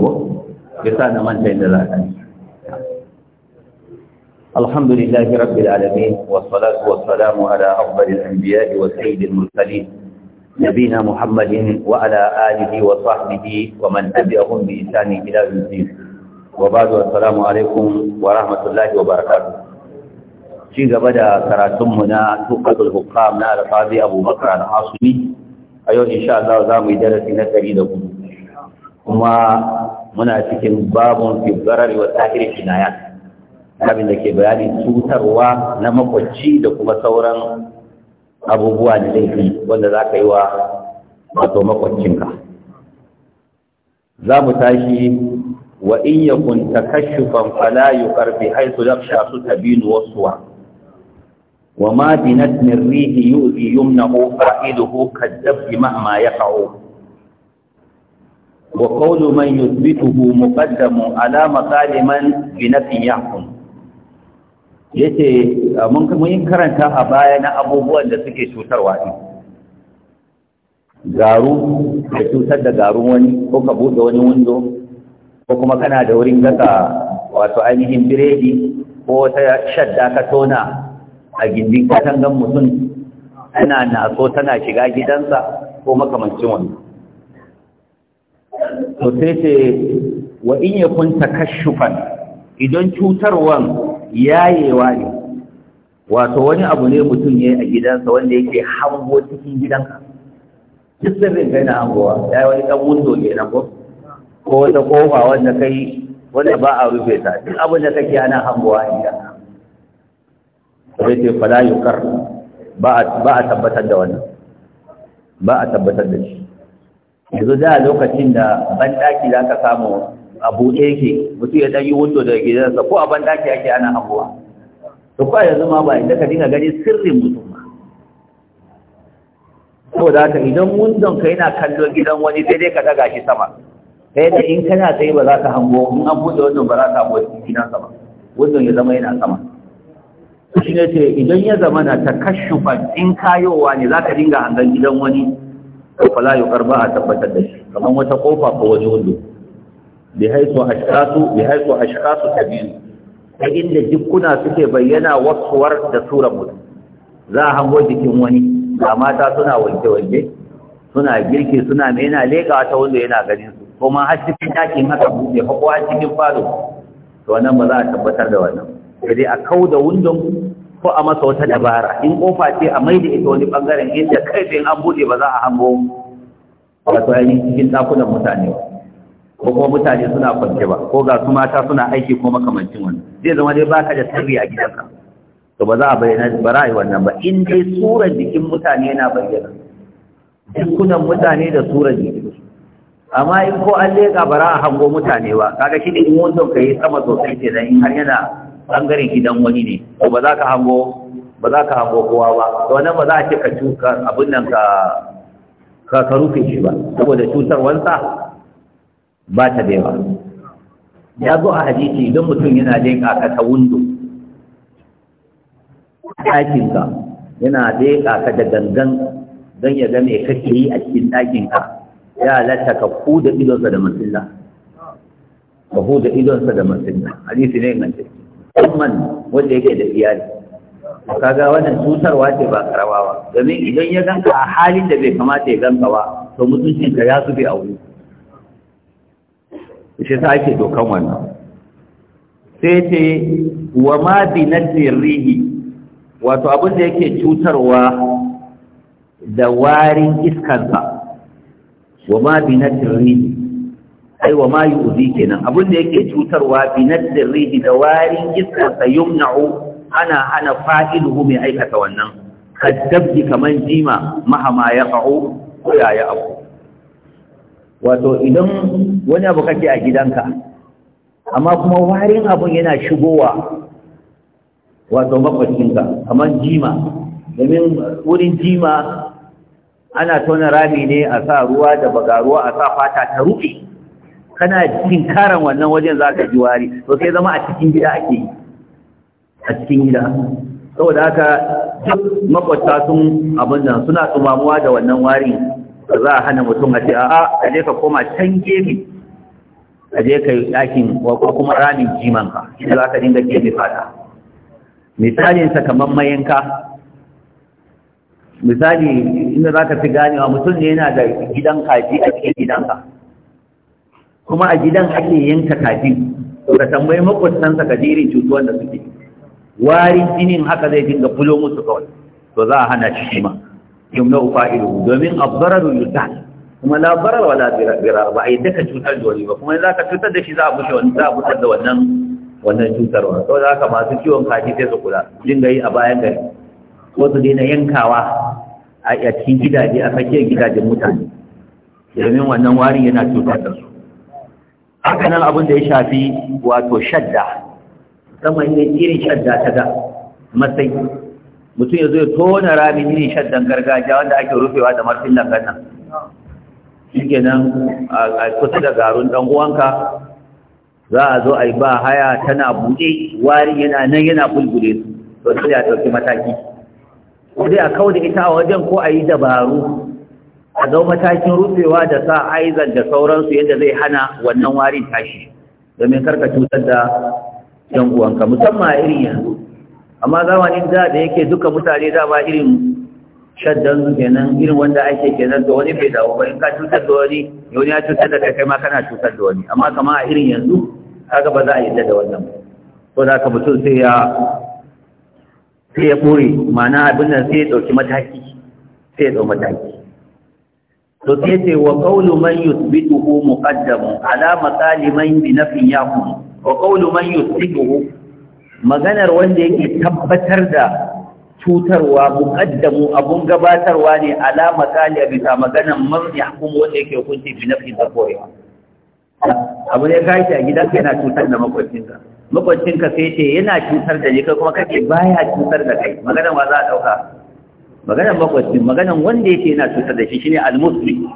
ko yasa na manta inda za ka الحمد لله رب العالمين والصلاة والسلام على أفضل الأنبياء وسيد المرسلين نبينا محمد وعلى آله وصحبه ومن تبعهم بإحسان إلى يوم الدين وبعد السلام عليكم ورحمة الله وبركاته ci gaba da karatunmu na tukatul hukam na alfazi abubakar al'asumi a yau insha Allah za mu yi darasi na ɗari da hudu kuma muna cikin babun fibbarar wa tsahiri kinaya abin da ke bayani cutarwa na makwacci da kuma sauran abubuwa da laifi wanda za ka yi wa wato makwaccinka za mu tashi wa in ya yakun takashufan fala yuqarbi sha su tabinu waswa wa ma binat min rihi yu'zi yumnahu fa'iduhu ma'ama ya yaqa'u وقول من يثبته مقدم على مقال من بنفي يحكم yace mun yi karanta a baya na abubuwan da suke cutarwa ne garu da cutar da garun wani ko ka buɗe wani wundo, ko kuma kana da wurin gasa wato ainihin biredi ko ta shadda ka tona a gindin katangan mutum tana naso tana shiga gidansa ko makamancin wani to sai ce wa in yakun takashshufan idan cutarwan yayewa ne wato wani abu ne mutum ne a gidansa wanda yake hango cikin gidanka duk sirrin kai na hangowa ya yi wani ɗan wundo ne nan ko ko wata kofa wanda kai wanda ba a rufe ta duk abin da kake ana hangowa a gidanka sai ce fala yukar ba a tabbatar da wannan ba a tabbatar da shi yanzu da lokacin da banɗaki za ka samu a buɗe yake mutu ya ɗan yi wundo daga gidansa ko a banɗaki ake ana abuwa to kuwa yanzu ma ba inda ka dinga gani sirrin mutum ba saboda haka idan wundon ka yana kallo gidan wani sai dai ka daga shi sama ta yadda in kana tsaye ba za ka hango in an buɗe wundon ba za ka hango gidan ba wundon ya zama yana sama shi ne ce idan ya zama na ta kashufan in kayowa ne za ka dinga hangan gidan wani fala yuqar ba a tabbatar da shi kamar wata kofa ko wani a bi haisu ashqasu bi haisu ashqasu tabiin ta inda jikuna suke bayyana wasuwar da surar mutu za a hango jikin wani ga mata suna wanke-wanke suna girki suna mai yana leƙa ta wanda yana ganin su ma har cikin ɗakin haka buɗe ko har cikin falo to wannan ba za a tabbatar da wannan sai dai a kau da wundon ko a masa wata dabara in kofa ce a maida ita wani bangaren inda kaifin an bude ba za a hango wato ainihin cikin dakunan mutane ko kuma mutane suna kwance ba ko ga su mata suna aiki ko makamancin wannan zai zama dai baka da sirri a gidanka to ba za a bayyana ba ra'ayi wannan ba in dai surar jikin mutane yana bayyana jikunan mutane da surar jikin amma in ko an leƙa bara a hango mutane ba kaga shi ne in wanda ka yi sama sosai ke in har yana bangaren gidan wani ne ko ba za ka hango ba za ka hango kowa ba to nan ba za a ce ka cuka abin nan ka ka ka rufe shi ba saboda cutar wansa ba ta da yawa ya zo a hadisi idan mutum yana da ka ta windo ɗakinka yana da ka da gangan don ya ga me kake yi a cikin ɗakinka ya lata ka huda idonsa da masilla ka huda idonsa da masilla hadisi ne ingantacce umman wanda yake da iyali kaga wannan cutarwa ce ba ba domin idan ya ganka a halin da bai kamata ya ganka ba to mutuncinka ya zube a wuri shi ta ake dokan wannan sai ce wa ma bi rihi wato abin da yake cutarwa da warin iskansa wa ma bi rihi Aiwa ma yi uzi kenan abin da yake cutarwa bi nadir rihi da warin iska sa yumna'u ana hana fa'iluhu mai aikata wannan kaddabji kaman jima mahama ya qa'u ko ya ya abu wato idan wani abu kake a gidanka amma kuma warin abun yana shigowa wato makwacinka kaman jima domin wurin jima ana tona rami ne a sa ruwa da bagaruwa a sa fata ta rufe kana karan wannan wajen za ka ji wari to sai zama a cikin gida ake yi a cikin gida saboda haka duk makwata sun abin nan suna tumamuwa da wannan wari da za a hana mutum a ce a'a a je ka koma can gefe a je ka yi ɗakin ko kuma ramin jimanka inda za ka dinga mai fata misalinsa kamar mayanka misali inda za ka fi ganewa mutum ne yana da gidan kaji a cikin gidanka kuma a gidan ake yanka kaji to ka tambayi makwabtansa ka jirin cutuwan da suke warin jinin haka zai dinga bulo musu kawai to za a hana shi shi ma yumna ufa'ilu domin abdararu yuta kuma la barar wala bira ba a yadda ka cutar da wani ba kuma za ka cutar da shi za a bushe wani za a bushe da wannan wannan cutarwa za ka masu ciwon kaji sai su kula dinga yi a bayan gari ko su daina yankawa a cikin gidaje a tsakiyar gidajen mutane domin wannan warin yana cutar da su haka nan abin da ya shafi wato shadda sama yin irin shadda ta ga, matsayi mutum ya zo tona ramin irin shaddan gargajiya wanda ake rufewa da marfin lagan nan shi nan a kusa da garun dan uwanka za a zo a yi ba haya tana buɗe wari yana nan yana bulbule su to sai ɗauki mataki ko dai a kawo da ita a wajen ko a yi dabaru a zau matakin rufewa da sa aizan da sauransu yadda zai hana wannan warin tashi domin karka cutar da yan uwanka musamman a irin yanzu amma zamanin da da yake duka mutane da ba irin shaddan kenan irin wanda ake kenan da wani bai dawo ba in ka cutar da wani yau ya cutar da kai kai ma kana cutar da wani amma kama a irin yanzu kaga ba za a yadda da wannan ko za ka mutum sai ya sai ya ɓure ma'ana abin nan sai ya ɗauki mataki sai ya ɗau mataki to sai ce wa qawlu man yuthbituhu muqaddam ala maqali man bi nafin yakum wa qawlu man yuthbituhu maganar wanda yake tabbatar da cutarwa muqaddamu abun gabatarwa ne ala bi ta maganar man yakum wanda yake hukunci bi nafin da abu ne kai ta gidan gidanka yana cutar da makwacinka makwacinka sai ce yana cutar da ni kai kuma kake baya cutar da kai maganar ma za a dauka Maganar makwabci maganan wanda yake yana cutar da shi shine al-muslim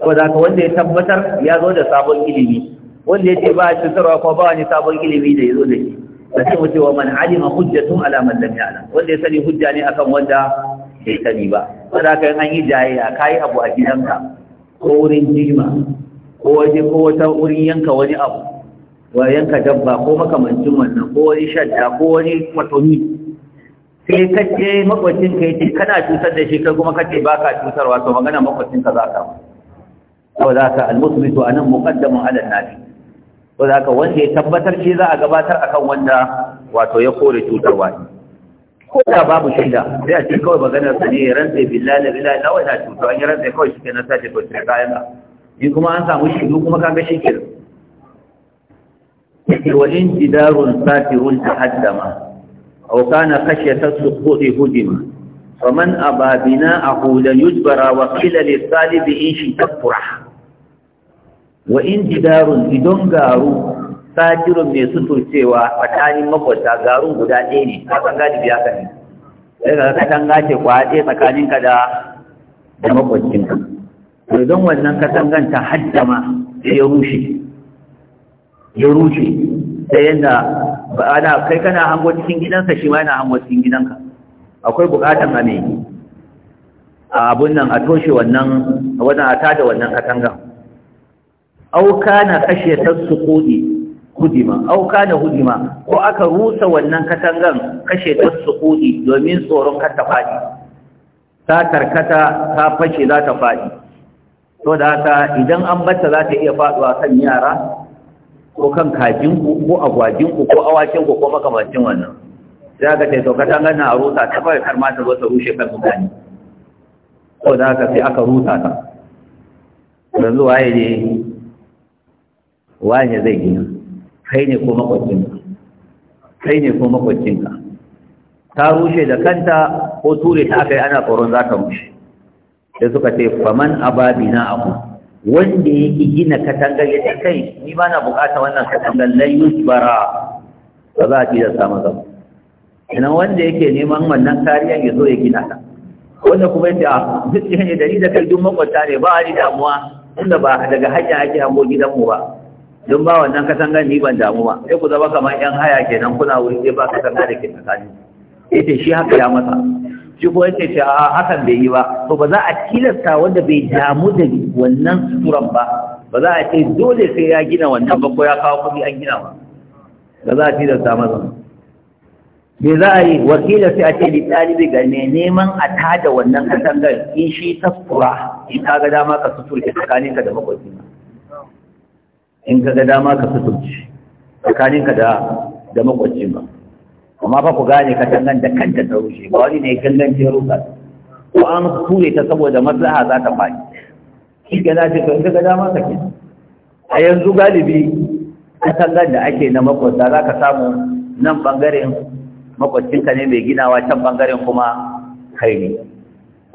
ko da ka wanda ya tabbatar ya zo da sabon ilimi wanda yake ba cutarwa ko ba wani sabon ilimi da ya zo da shi da sai wuce wa man alima hujjatun ala man lam ya'lam wanda ya sani hujja ne akan wanda bai sani ba ko da ka an yi jayayya kai abu a gidanka ko wurin jima ko waje ko wata wurin yanka wani abu wa yanka dabba ko makamancin wannan ko wani shadda ko wani kwatoni kai kace makwacin ka yake kana cutar da shi kai kuma kace baka cutarwa to magana makwacin ka za ka ko za ka almusbitu anan muqaddamun ala nafi ko za ka wanda ya tabbatar shi za a gabatar akan wanda wato ya kore cutarwa ne ko da babu shaida sai a ce kawai maganar sa ne rantsa billahi la ilaha illa cuto an yi rantsai kawai shi kenan sai ko sai kayan in kuma an samu shi kuma ga shi kenan wa in jidarun satirun tahaddama أو كان خشية السقوط هدم فمن أبى بناءه ليجبر وقيل للطالب إن شئت فرح وإن جدار إذن قارو تاجر من سطر سوى فكان مقوتا قارو قدا إيني هذا قال بياك daga katanga ce kwaɗe tsakaninka da da makwacinka don wannan تحجم يروشي يروشي ta yadda ana kai kana hango cikin gidansa shi ma yana hango cikin gidanka akwai bukatan a mai a abun nan a toshe wannan wannan a tada wannan katangan au kana kashe kudi hudima au kana hudima ko aka rusa wannan katangan kashe kudi domin tsoron kar ta fadi ta karkata ta fashe za ta fadi to da haka idan an bata za ta iya faduwa kan yara ko kan kajinku ko agwajinku ko awakinku ko makamancin wannan za ka ce sauka ta gana a rusa ta fara kar ma ta zo ta rushe kan mutane ko da ka sai aka rusa ta yanzu waye ne waye zai gina kai ne ko makwabcinka? kai ne ko makwacinka ta rushe da kanta ko ture ta aka yi ana tsoron za ta rushe sai suka ce faman ababina aku wanda yake gina katangar ya kai ni ba na bukata wannan katangar la bara, ba za a ci da samu zama ina wanda yake neman wannan kariyan ya zo ya gina ta wanda kuma yadda ah, duk ne dari da kai duk makwata ne ba a ni damuwa inda ba daga hanya ake hango gidanmu ba don ba wannan katangar ni ban damu ba sai ku zama kamar yan haya kenan kuna wuri sai ba katangar da ke tsakanin ita shi haka ya masa shi ko yake ce a hakan bai yi ba to ba za a tilasta wanda bai damu da wannan suturan ba ba za a ce dole sai ya gina wannan ba ko ya kawo kuɗi an gina ba ba za a tilasta masa me za a yi wakila sai a ce da ɗalibi ga mai neman a tada wannan katangar in shi ta fura in ka ga dama ka tsakanin tsakaninka da makwabci in ka ga dama ka tsakanin ka da makwabci ba amma fa ku gane katangan da kanta ta rushe ba wani ne gangan ce rusa ko an kure ta saboda maslaha za ta faɗi shi ke za ta kanta ga dama ka ke a yanzu galibi katangan da ake na makwabta za ka samu nan bangaren ka ne mai ginawa can ɓangaren kuma kai ne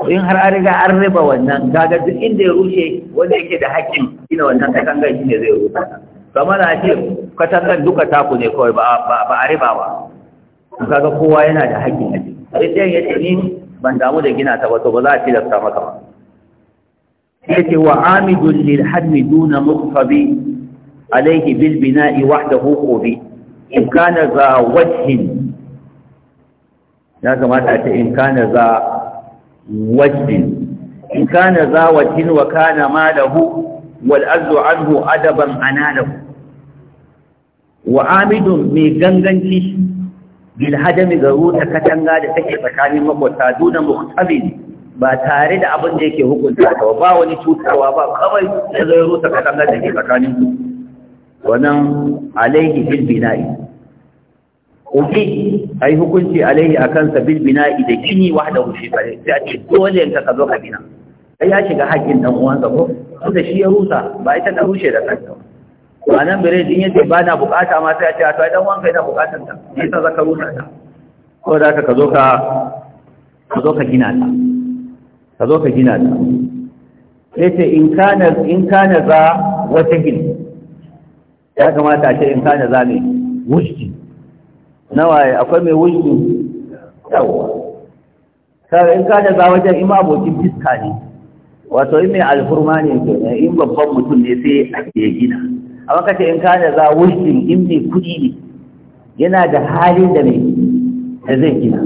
in har an riga an riba wannan gaga duk inda ya rushe wanda yake da haƙƙin gina wannan katangar shi ne zai rusa kamar a ce katangar duka taku ne kawai ba a riba ba kaga kowa yana da haƙƙin aji sai ɗayan ya ce ni ban damu da gina ta ba to ba za a tilasta maka ba sai ce wa amidun lil hadmi duna muqtabi alayhi bil bina'i wahdahu qubi in kana za wajhin ya kamata a ce in kana za wajhin in kana za wajhin wa kana malahu wal azzu anhu adaban analah wa amidun mai ganganci bilhadam ga ruta katanga da take tsakanin makwata duna muqtabil ba tare da abin da yake hukunta ta ba wani cutarwa ba kawai ya zai ruta katanga da ke tsakanin su wannan alaihi bil bina'i uki ai hukunci alaihi akan sa bil bina'i da gini wahda shi kare sai a ce dole ka ka zo ka bina ai ya shiga haƙƙin dan uwansa ko da shi ya rusa ba ita ta rushe da kanta ba nan bare din yace ba na bukata ma sai a ce a sai dan wanka yana bukatar ta sai ta zaka rusa ta ko da ka zo ka ka zo ka gina ta ka zo ka gina ta ce in kana in kana za wata gina ya kamata a ce in kana za mai wujdi nawa akwai mai wujdi yawa sai in kana za wajen ima abokin fiska ne wato in mai alfurma ne in babban mutum ne sai ake gina a wakati in kana za wujin in mai kudi ne yana da halin da mai da zai gina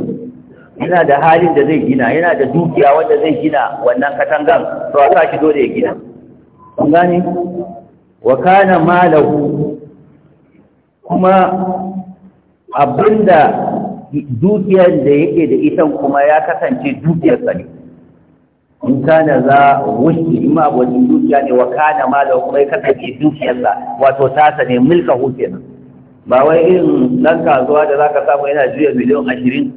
yana da halin da zai gina yana da dukiya wanda zai gina wannan katangan to a sa shi dole ya gina kun gane wa kana malahu kuma abinda dukiyar da yake da ita kuma ya kasance sa ne in kana za wuce in ma dukiya ne wa kana ma da kuma ya kasance dukiyarsa wato tasa ne mulka hutu nan ba wai irin ɗan kasuwa da za ka samu yana juya miliyon ashirin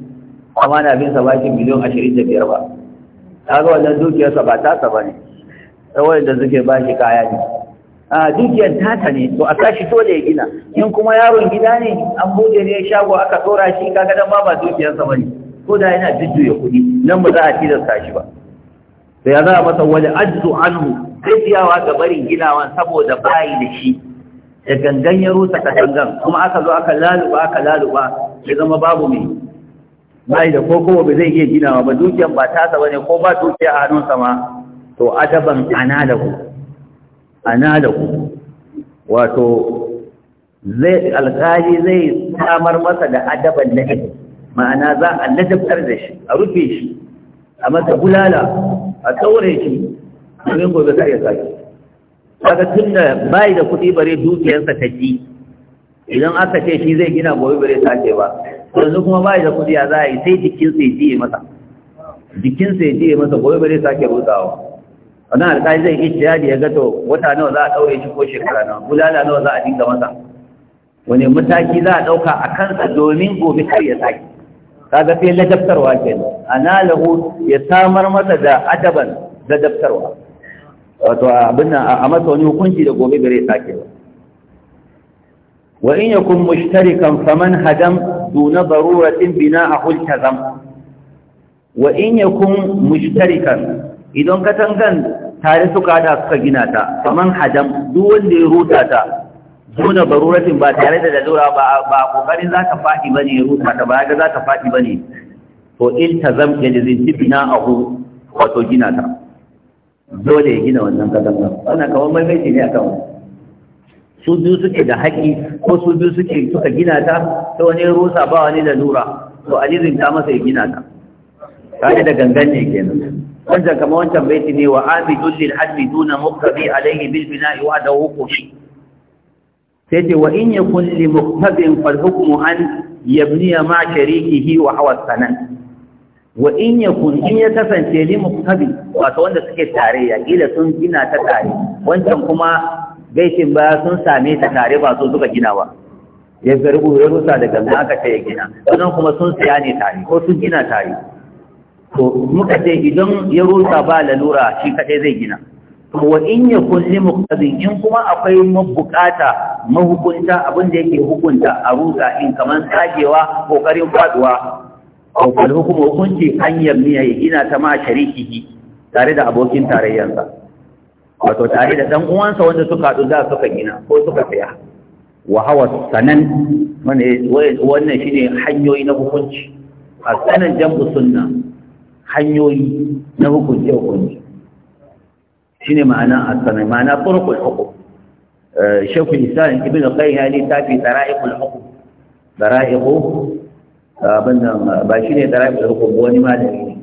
amma na bin sa bakin miliyon ashirin da biyar ba ga wannan dukiyarsa ba tasa ba ne tsawon da suke ba shi kaya ne a dukiyar tasa ne to a kashi dole ya gina in kuma yaron gida ne an buɗe ne shago aka tsora shi kaga dan ba ba dukiyarsa ba ne ko da yana jujjuya kuɗi nan ba za a tilasta shi ba da ya za a masa wani ajzu anhu zai biyawa ga barin ginawa saboda bayi da shi da gangan ya rusa katangan kuma aka zo aka laluba aka laluba ya zama babu mai bayi da ko kowa ba zai iya ginawa ba dukiyar ba tasa ne ko ba dukiya a hannunsa ma to adaban da ku wato zai alkali zai samar masa da adaban nadi ma'ana za a ladabtar da shi a rufe shi a mata bulala a tsaure shi domin gobe ka iya sake kaga tunda da da kuɗi bare dukiyarsa ta ji idan aka ce shi zai gina gobe bare sake ba yanzu kuma bai da kuɗi a za a yi sai jikinsa ya jiye masa jikinsa ya jiye masa gobe bare sake rutsawa wannan alƙali zai yi ijtihadi ya gato wata nawa za a ɗaure shi ko shekara nawa bulala nawa za a dinga masa wani mataki za a ɗauka a kansa domin gobe kar ya sake kaga sai ladabtarwa kenan analuhu ya samar masa da adaban ladabtarwa wato abin nan a masa wani hukunci da gobe bare sake ba wa in yakun mushtarikan faman hadam duna daruratin a al-kazam wa in yakun mushtarikan idan ka tangan tare suka hada suka gina ta faman hadam duk wanda ya ruta ta Juna baruratin ba tare da lalura ba ba kokarin zaka fadi bane ya rusa ka ba ga zaka fadi bane to in tazam ya zinci bina ahu wato gina ta dole ya gina wannan kadan wannan kamar mai mai ne akan su biyu suke da haƙi ko su biyu suke suka gina ta to wani rusa ba wani lalura to alizin ta masa ya gina ta kaje da gangan ne kenan wancan kamar wancan baiti ne wa abidul lil hadbi duna muqtabi alayhi bil bina'i wa dawu qushi sai ce wa in ya kulli muktabin fal hukmu an yabniya ma sharikihi wa hawa sanan wa in yakun in ya kasance li muktabi wato wanda suke ya kila sun gina ta tare wancan kuma gaishin ba sun same ta tare ba su suka gina ba ya zargu ya rusa da ganga aka ta ya gina wannan kuma sun siya ne tare ko sun gina tare to muka ce idan ya rusa ba lalura shi kadai zai gina wa in ya kulli muqtadin in kuma akwai mabukata mahukunta abin da yake hukunta a rusa in kamar tsagewa kokarin faduwa ko kullu hukumu hukunci an yammiya ina ta ma shariki tare da abokin tarayyarsa wato tare da dan uwansa wanda suka hadu da suka gina ko suka tsaya wa hawa sanan wannan shine hanyoyi na hukunci a sanan jam'u sunna hanyoyi na hukunci hukunci shi ne ma'ana a sanai ma'ana turkul hukum eh, shekul islam ibn al-qayyali ta fi tsara'ikul hukum tsara'iku abin da ba shi ne tsara'ikul hukum wani ma da ne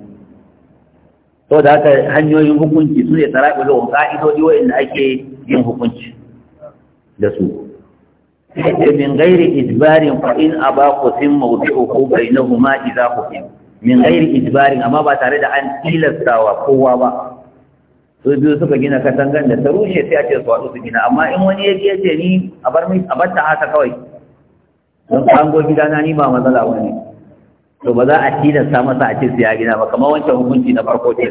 to da aka hanyoyin hukunci su ne tsara'ikul hukum ka'idodi wa inda ake yin hukunci da su min gairi ijbarin fa in aba qutim mawdu'uhu bainahuma idha ku. min gairi ijbarin amma ba tare da an tilastawa kowa ba su biyu suka gina katangan da ta rushe sai a ce su haɗu su gina amma in wani ya ce ni a bar mai bar ta haka kawai don kango na ni ba matsala wani to ba za a tilasta masa a ce su ya gina ba kamar wancan hukunci na farko ce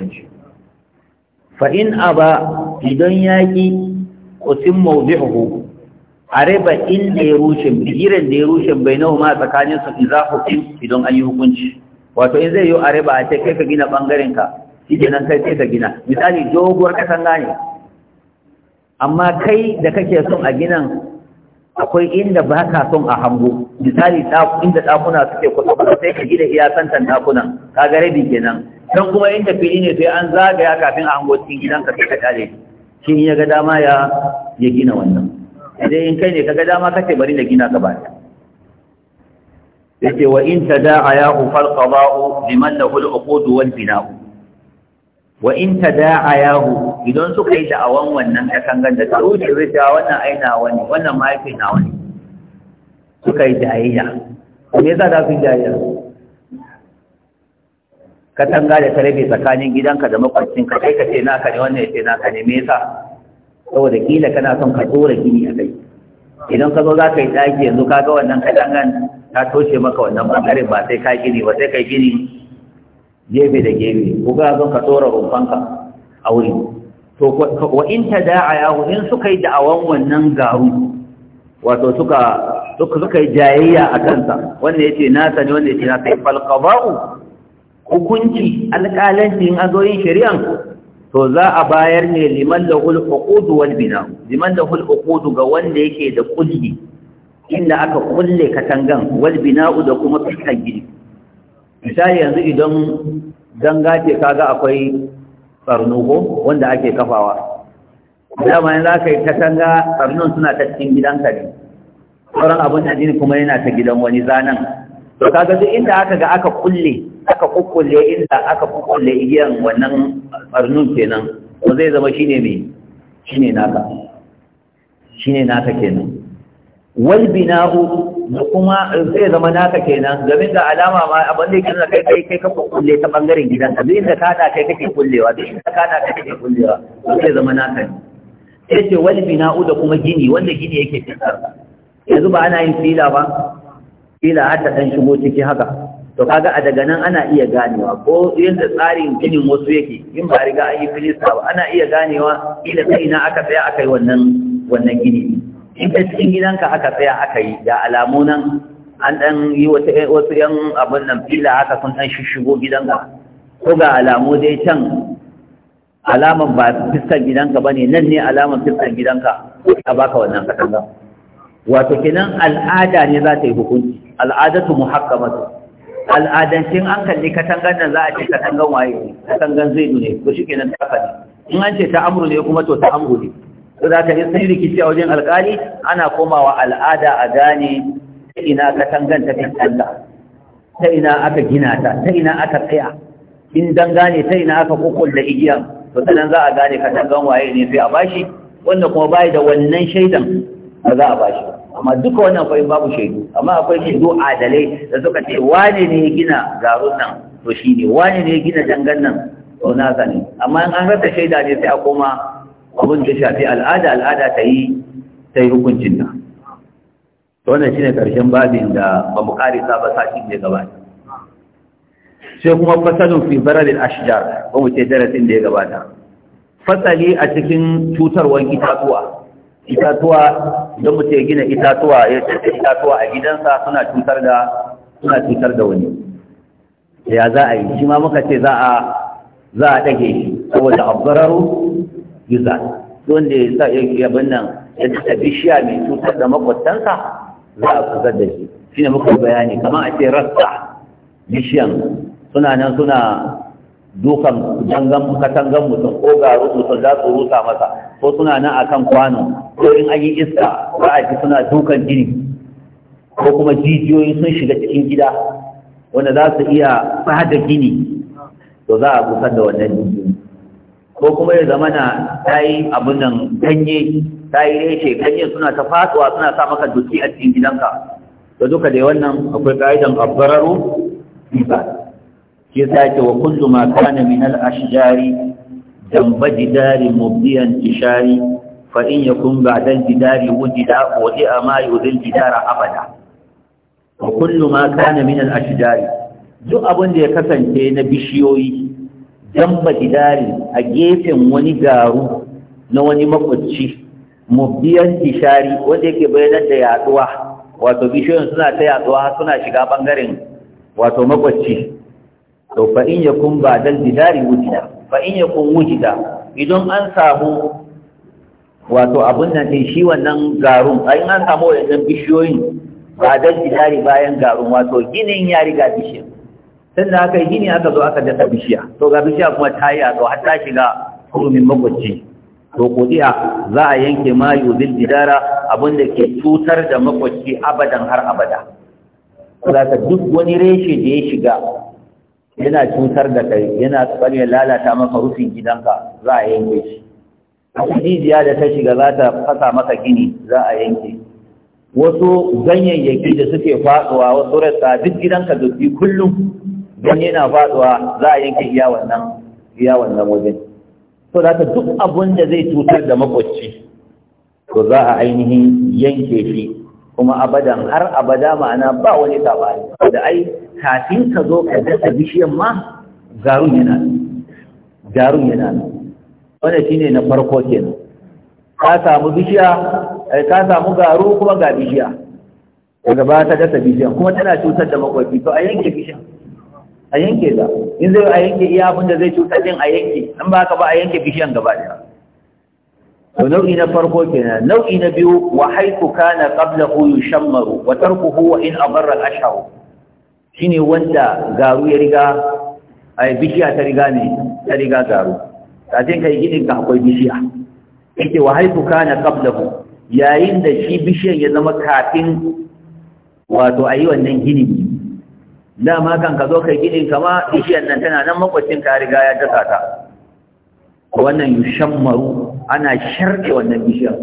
fa in aba idan ya ki kusin mawdi'uhu a in da ya rushe bigiran da ya rushe bai nawa ma tsakanin su in za idan an yi hukunci wato in zai yi a raba a ce kai ka gina bangaren ka shi ke nan kai sai ka gina misali doguwar kasan ne amma kai da kake son a ginan akwai inda ba ka son a hango misali inda ɗakuna suke kusa ba sai ka gina iyakantan ɗakunan ka ga rabi kenan don kuma inda fili ne sai an zagaya kafin a hango cikin ka sai ka tare shi ya ga dama ya ya gina wannan idan in kai ne ka ga dama kace bari na gina ka baya yace wa in tada'a ya hu fal qada'u liman lahu al uqud wal bina'u wa in tada'ayahu idan suka yi da'awan wannan katangan da ta wuce rita wannan aina wani wannan ma yake na wani suka yi jayayya me yasa da su jayayya katanga da ta rabe tsakanin gidanka da ka kai ka ce naka ne wannan ya ce naka ne me yasa saboda kila kana son ka tsora gini a kai idan ka zo za ka yi ɗaki yanzu ka ga wannan katangan ta toshe maka wannan ɓangaren ba sai ka gini ba sai ka gini gefe da gefe ko ga zan ka tsora rumfanka a wuri to wa in ta da'ayahu in suka yi da'awan wannan garu wato suka suka suka yi jayayya a kansa wanda yace na sani wanda yace na sai falqaba'u hukunci alƙalanci in an zo yin shari'an to za a bayar ne liman da uqud wal bina liman lahul uqud ga wanda yake da kulli inda aka kulle katangan wal bina'u da kuma fitan gidi misali yanzu idan ganga ce kaga akwai tsarnuko wanda ake kafawa dama yanzu aka yi katanga tsarnun suna ta cikin gidanka ne sauran abin jini kuma yana ta gidan wani zanen to kaga duk inda aka ga aka kulle aka kukkulle inda aka kukkulle igiyan wannan tsarnun kenan ko zai zama shine mai shine naka shine naka kenan Walbina bina'u da kuma zai zama naka kenan domin da alama ma abin da yake kai kai kai ka kulle ta bangaren gidan ka duk inda ka da kai kake kullewa duk inda ka da kai kake kullewa zai zama naka ne sai ce walbina bina'u da kuma gini wanda gini yake fitar yanzu ba ana yin fila ba fila har ta dan shigo ciki haka to kaga a daga nan ana iya ganewa ko yadda tsarin ginin wasu yake in ba riga an yi filista ba ana iya ganewa ila kai na aka tsaya aka yi wannan wannan gini in ta cikin gidanka aka tsaya aka yi da alamu nan an ɗan yi eh, wasu ‘yan abin nan fila haka sun ɗan shishigo gidanka ko ga alamu dai can alamar ba fiskar gidanka ba ne nan ne alamar fiskar gidanka a baka wannan katanga wato kenan al'ada ne za ta yi hukunci al'adatu muhakkamatu al'adancin an kalli katangar nan za a ce katangar waye katangar zai ne ko shi kenan ta ne in an ce ta amru ne kuma to ta amru ne za ta yi sun rikici a wajen alkali ana komawa al'ada a gane ta ina ka tanganta ta Allah ta ina aka gina ta ta ina aka tsaya in dan gane ta ina aka kukul da igiya to sanan za a gane ka tangan waye ne sai a bashi wanda kuma bai da wannan shaidan ba za a bashi amma duka wannan fa babu shaidu amma akwai shaidu adalai da suka ce wane ne ya gina garun nan to shi ne wane ne ya gina dangan nan to na zane. amma in an rasa shaida ne sai a koma abin da shafi al'ada al'ada ta yi ta yi hukuncin ta wannan shine karshen babin da ba mu karisa ba sashin da gabata sai kuma fasalin fi baradil ashjar ba mu ce darasin da ya gabata fasali a cikin cutarwar itatuwa itatuwa don mu ce gina itatuwa ya ce itatuwa a gidansa suna cutar da suna cutar da wani ya za a yi shi ma muka ce za a za a dage shi saboda abbararu don wanda ya sa ya nan ya ta bishiya mai cutar da makwattansa za a kusa da shi shi ne muka bayani kamar a ce rasta bishiyan suna nan suna dukan jangan katangan mutum ko garu mutum za su rusa masa ko suna nan a kan kwano ko in an yi iska za a ji suna dukan jini ko kuma jijiyoyi sun shiga cikin gida wanda za su iya tsada gini to za a kusa da wannan jijiyoyi ko kuma ya zama na ta yi abin ganye ta yi reshe ganye suna ta fasuwa suna sa maka doki a cikin gidanka da duka da wannan akwai ka'idan abbararu riba shi yasa ce wa kullu ma kana min al ashjari jamba jidari mubdiyan tishari fa in yakun ba'da al jidari wujida wa di ma yudil jidara abada wa kullu ma kana min al ashjari duk abin da ya kasance na bishiyoyi jamba didari a gefen wani garu na wani makwabci mubiyan tishari wanda yake bayyana da yaduwa wato bishiyoyin suna ta yaduwa suna shiga bangaren wato makwabci to fa in yakun ba dal didari wujida fa in yakun wujida idan an samu wato abun nan din shi wannan garun ai an samu wannan bishiyoyin ba dal didari bayan garun wato ginin ya riga bishiyoyin sai da aka yi gini aka zo aka dasa bishiya to ga bishiya kuma ta yi yaɗo har ta shiga kurumin makwabci to kodiya za a yanke mayu bil jidara abinda ke cutar da makwabci abadan har abada za ka duk wani reshe da ya shiga yana cutar da kai yana tsari lalata maka rufin gidanka za a yanke shi A jijiya da ta shiga za ta fasa maka gini za a yanke wasu ganyayyaki da suke faɗuwa wasu rasa duk gidanka dubbi kullum don yana faduwa za a yanke iya wannan iya wannan wajen to da duk abun da zai cutar da makwacci to za a ainihin yanke shi kuma abadan har abada ma'ana ba wani sabani da ai kafin ka zo ka dasa bishiyan ma garun yana garun yana wannan shine na farko kenan ka samu bishiya eh, ka samu garu kuma ga bishiya daga ba ta dasa bishiyan kuma tana cutar da makwabci to a yanke bishiyan a yanke ta in zai a yanke iya abin da zai cutar din a yanke an ba ka ba a yanke bishiyan gaba ɗaya to nau'i na farko kenan nau'i na biyu wa haiku kana qablahu yushammaru wa tarkuhu wa in abarra al-asharu shine wanda garu ya riga ai bishiya ta riga ne ta riga garu kafin kai gidin ka akwai bishiya yake wa haiku kana qablahu yayin da shi bishiyan ya zama kafin wato ayi wannan gini dama kan ka zo kai ginin kama bishiyar nan tana nan makwacin ka riga ya dasa ta wannan yushammaru ana sharɗe wannan bishiyar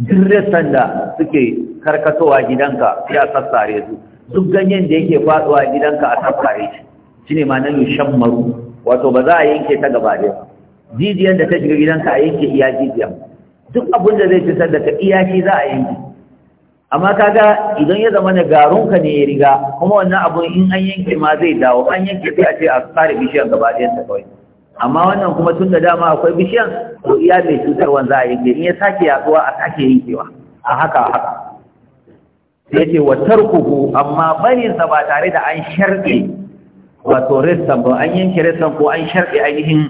Duk dirresan da suke karkatowa gidanka sai a sassare su duk ganyen da yake faɗuwa gidanka a sassare shi shi ne ma nan yushammaru wato ba za a yanke ta gaba ɗaya jijiyar da ta shiga gidanka a yanke iya jijiyar duk abin da zai cutar da ka iya shi za a yanke amma kaga idan ya zama na garunka ne ya riga kuma wannan abun in an yanke ma zai dawo an yanke sai a ce a tsare bishiyan gaba ɗayan ta kawai amma wannan kuma tun da dama akwai bishiyan to iya mai cutarwan za a yanke in ya sake yaduwa a sake yankewa a haka a haka sai ce wa tarkuhu amma barinsa ba tare da an sharɗe wato restan ba an yanke restan ko an sharɗe ainihin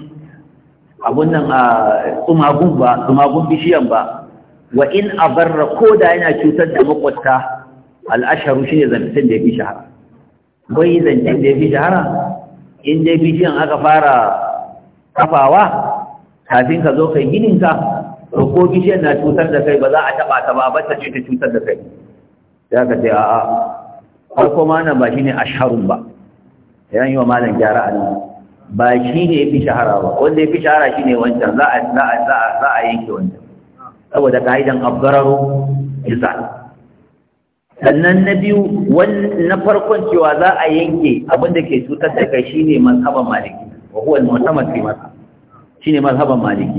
abun nan a tsumagun ba tsumagun bishiyan ba wa in abarra ko da yana cutar da makwata al'asharu shi ne zancen da ya fi shahara wai zancen da ya fi shahara in dai bishiyan aka fara kafawa kafin ka zo kai gininka to ko bishiyan na cutar da kai ba za a taɓa ta ba ba ta ce ta cutar da kai ya ka ce a'a farko mana ba shi ne asharun ba yan yi wa malam gyara a nan ba shi ne ya fi shahara ba wanda ya fi shahara shi ne wancan za a yanke wancan saboda ka'idan abdararu isa sannan na biyu na farkon cewa za a yanke abin da ke cutar da kai shine mazhaban maliki wa huwa al-mu'tamad fi mazhab shine mazhaban maliki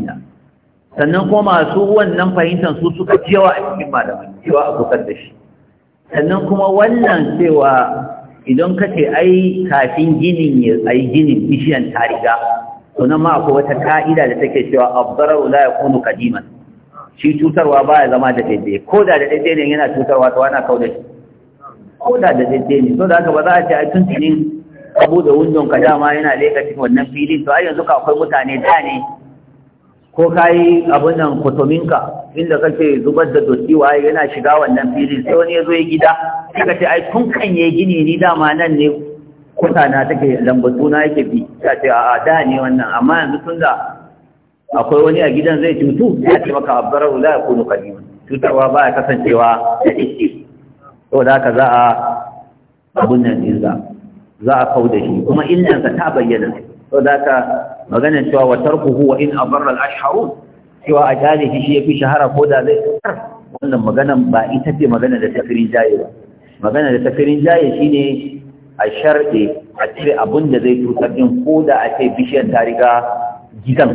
sannan kuma masu wannan fahimtar su suka cewa a cikin malamai cewa a kusar da shi sannan kuma wannan cewa idan ka ce ai kafin ginin ya ai ginin bishiyan tariga. riga ma akwai wata ka'ida da take cewa abdarau la yakunu kadiman shi cutarwa ba ya zama da daidai ko da da daidai ne yana cutarwa to ana kauda shi ko da da daidai ne so da haka ba za a ce ai tuntuni ka bude windon ka dama yana leka cikin wannan filin to a yanzu ka akwai mutane da ne ko ka yi abin nan ka. inda kake zubar da dotti waye yana shiga wannan filin sai wani ya zo ya gida ka ce ai tun kan ya gini ni dama nan ne kusa na take lambatu na yake bi ta ce a'a da ne wannan amma yanzu tun da akwai wani a gidan zai cutu ya ce maka abbarahu ya kunu kadi. cutarwa ba ya kasancewa da iske to da ka za a abun nan din za za a kauda shi kuma illansa ta bayyana to da ka magana cewa wa tarkuhu wa in abarra al ashharu cewa a kyale shi ya fi shahara ko da zai wannan maganan ba ita ce magana da tafirin jaye ba magana da tafirin jaye shine a sharɗe a cire abin da zai cutar din ko da a ce bishiyar ta riga gidan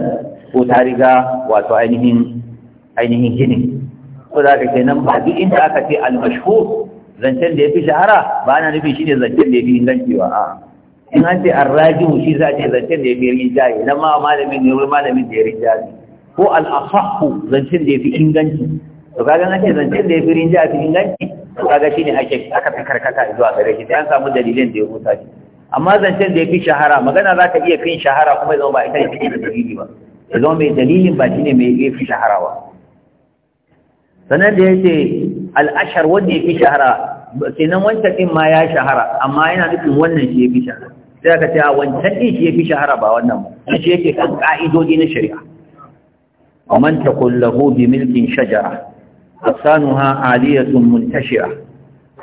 ko ta riga wato ainihin ainihin gini ko za ka ce nan ba duk inda aka ce al-mashhu zancen da ya fi shahara ba ana nufin shi ne zancen da ya fi ingancewa a in an ce arrajihu shi za ce zancen da ya fi nan ma malamin ne wani malamin da ya rinjaye ko al-ahahu zancen da ya fi inganci to kaga na ce zancen da ya fi rinjaye fi inganci to kaga shi ne ake aka fi karkata zuwa gare shi sai an samu dalilin da ya huta shi amma zancen da ya fi shahara magana za ka iya fin shahara kuma zama ba ita ne take da dalili ba ya zama mai dalilin ba shi ne mai ya fi shaharawa sannan da ya ce al'ashar wanda ya fi shahara kenan wancan ɗin ma ya shahara amma yana nufin wannan shi ya fi shahara sai aka ce a wancan ɗin shi ya fi shahara ba wannan ba shi yake kan ƙa'idodi na shari'a ومن تقل له بملك شجرة أغصانها عالية منتشرة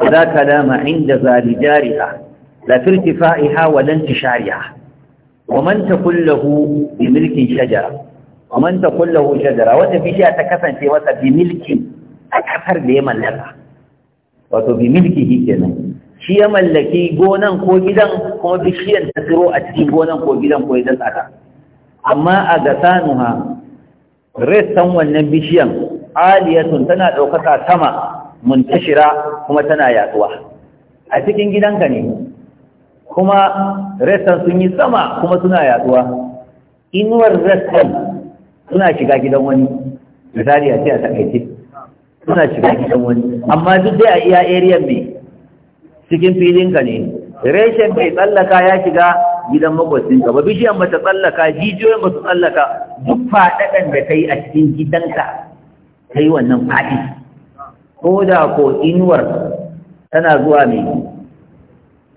فذاك لا ما عند ذا لجارها لا في ارتفاعها ولا انتشارها wa man takullahu bi milkin shajara wa man takullahu shajara wata bishiya ta kasance masa bi milkin a da ya mallaka wato bi milkihi kenan shi ya mallaki gonan ko gidan kuma bishiyar ta tsiro a cikin gonan ko gidan ko ya tsaka amma a gasanuha restan wannan bishiyar aliyatun tana ɗaukaka sama muntashira kuma tana yaduwa a cikin gidanka ne kuma restan sun yi sama kuma suna yaduwa inuwar restan suna shiga gidan wani misali a ce a takaice suna shiga gidan wani amma duk dai a iya area mai cikin filin ka ne reshen bai tsallaka ya shiga gidan ka ba bishiyan ba ta tsallaka jijiyoyin ba su tsallaka duk faɗaɗan da ta yi a cikin gidanka ta yi wannan faɗi ko da ko inuwar tana zuwa mai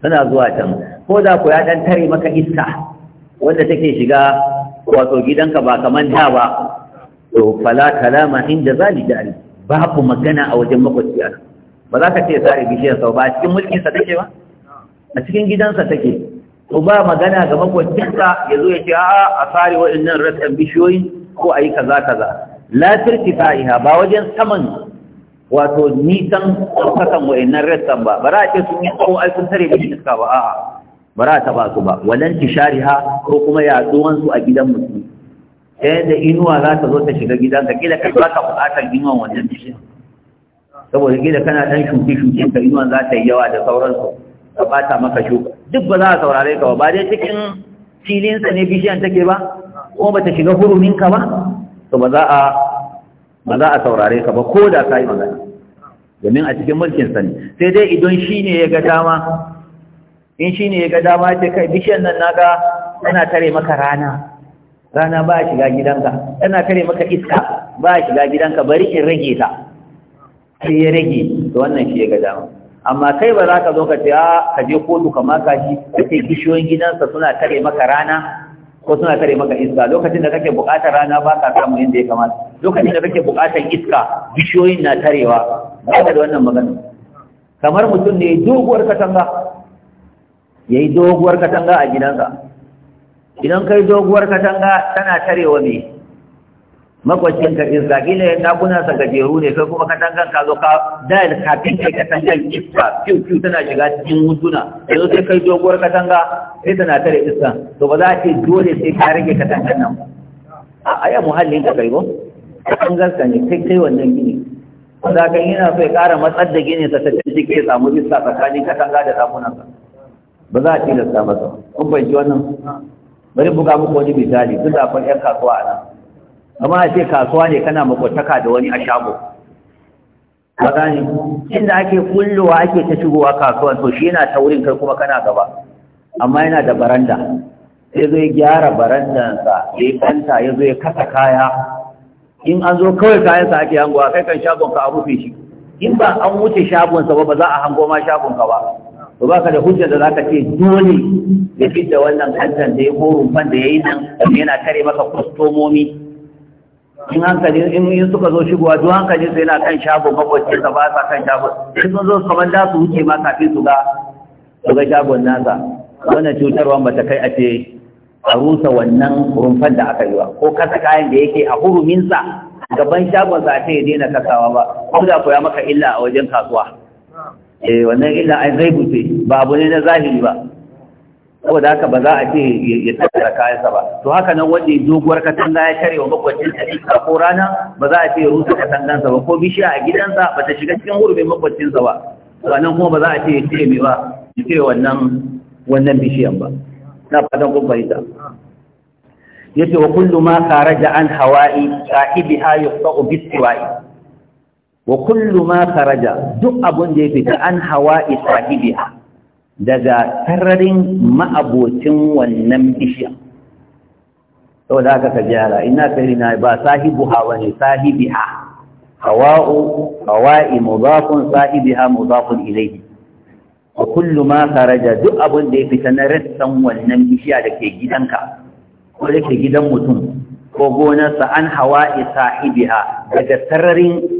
tana zuwa can ko da ku ya dan tare maka iska wanda take shiga wato gidanka ba kaman da ba to fala kalama inda zalika ali babu magana a wajen makwabciya ba za ka ce sare bishiyar sau ba a cikin mulkin sa take ba a cikin gidansa take to ba magana ga makwabcinsa ya zo ya ce a'a a sare waɗannan rassan bishiyoyi ko a yi kaza kaza la tirtifa'iha ba wajen saman wato nisan ɗaukakan wa'annan rassan ba ba za a ce sun yi tsawo ai sun tare da iska ba a'a ba za a taɓa su ba walan tishariha ko kuma yaduwan su a gidan mutum ta yadda inuwa za ta zo ta shiga gidan ka kila kai baka buƙatar inuwan wannan tishin saboda kila kana dan shuke shuke ka inuwan za ta yi yawa da sauransu ka bata maka shuka duk ba za a saurare ka ba ba dai cikin filinsa ne bishiyan take ba kuma ba ta shiga huruminka ba to ba za a ba za a saurare ka ba ko da ka yi magana domin a cikin mulkin sani sai dai idan shi ne ya ga dama in shi ne ya ga dama ce kai bishiyar nan naga yana tare maka rana rana ba shiga gidanka yana tare maka iska ba shiga gidanka bari in rage ta sai ya rage to wannan shi ya ga dama amma kai ba za ka zo ka ce a ka je kotu ka maka shi ka ce bishiyoyin gidansa suna tare maka rana ko suna tare maka iska lokacin da kake buƙatar rana ba ka samu inda ya kamata lokacin da kake buƙatar iska bishiyoyin na tarewa ba ka da wannan magana kamar mutum ne doguwar katanga yayi doguwar katanga a gidansa idan kai doguwar katanga tana tarewa mai makwacinka iska gina kuna sa gajeru ne kai kuma katangan ka zo ka dayar kafin kai katangar kifa fiw fiw tana shiga cikin wuduna yanzu sai kai doguwar katanga sai tana tare iska to ba za a ce dole sai ka rage katangar nan a yi muhallin ka kai ba katangar ka ne kai kai wannan gini wanda kan yana so ya kara matsar da gini sa ta cikin ya samu iska tsakanin katanga da ka. ba za a tilasta masa in ban ji wannan bari buga muku wani misali duk da akwai 'yan kasuwa a nan amma a ce kasuwa ne kana makwataka da wani a shago ka inda ake kullowa ake ta shigowa kasuwa to shi yana ta wurin kai kuma kana gaba amma yana da baranda sai zai gyara barandansa ya yi kanta ya zo ya kasa kaya in an zo kawai kayansa ake hangowa kai kan shagon ka a rufe shi in ba an wuce shagonsa ba ba za a hango ma shagon ka ba to ba ka da hujja da zaka ce dole ya fi da wannan hajjan da ya ko rumfan da ya yi nan yana tare maka kwastomomi in hankali in suka zo shigowa duk hankali su yana kan shago makwacin sa ba sa kan shago sun zo kamar za su wuce ma kafin su ga su ga shagon nasa wannan cutarwa ba ta kai a ce a rusa wannan rumfan da aka yi ba ko kasa kayan da yake a huruminsa gaban shagonsa a ce ya daina kasawa ba ko da ku maka illa a wajen kasuwa eh wannan illa ai zai bute ba abu ne na zahiri ba saboda haka ba za a ce ya tattara kayansa ba to haka nan wanda ya doguwar katanga ya karewa makwacin ta iska ko rana ba za a ce ya rusa katangansa ba ko bishiya a gidansa ba ta shiga cikin hurumin makwacinsa ba sannan kuma ba za a ce ya cire mai ba ya cire wannan wannan bishiyan ba na fatan kun fahimta yace wa kullu ma kharaja an hawa'i sahibiha yuqta'u bis-siwa'i wa kullu ma kharaja duk abun da ya fita an hawa isahibiha daga tararin ma'abocin wannan bishiya saboda aka ka yara ina na ba sahibuha wani sahibiha hawa'u hawa'i mudafun sahibiha mudafun ilayhi wa kullu ma kharaja duk abun da ya fita na rassan wannan bishiya da ke gidanka ko da ke gidan mutum ko gonarsa an hawa'i sahibiha daga tararin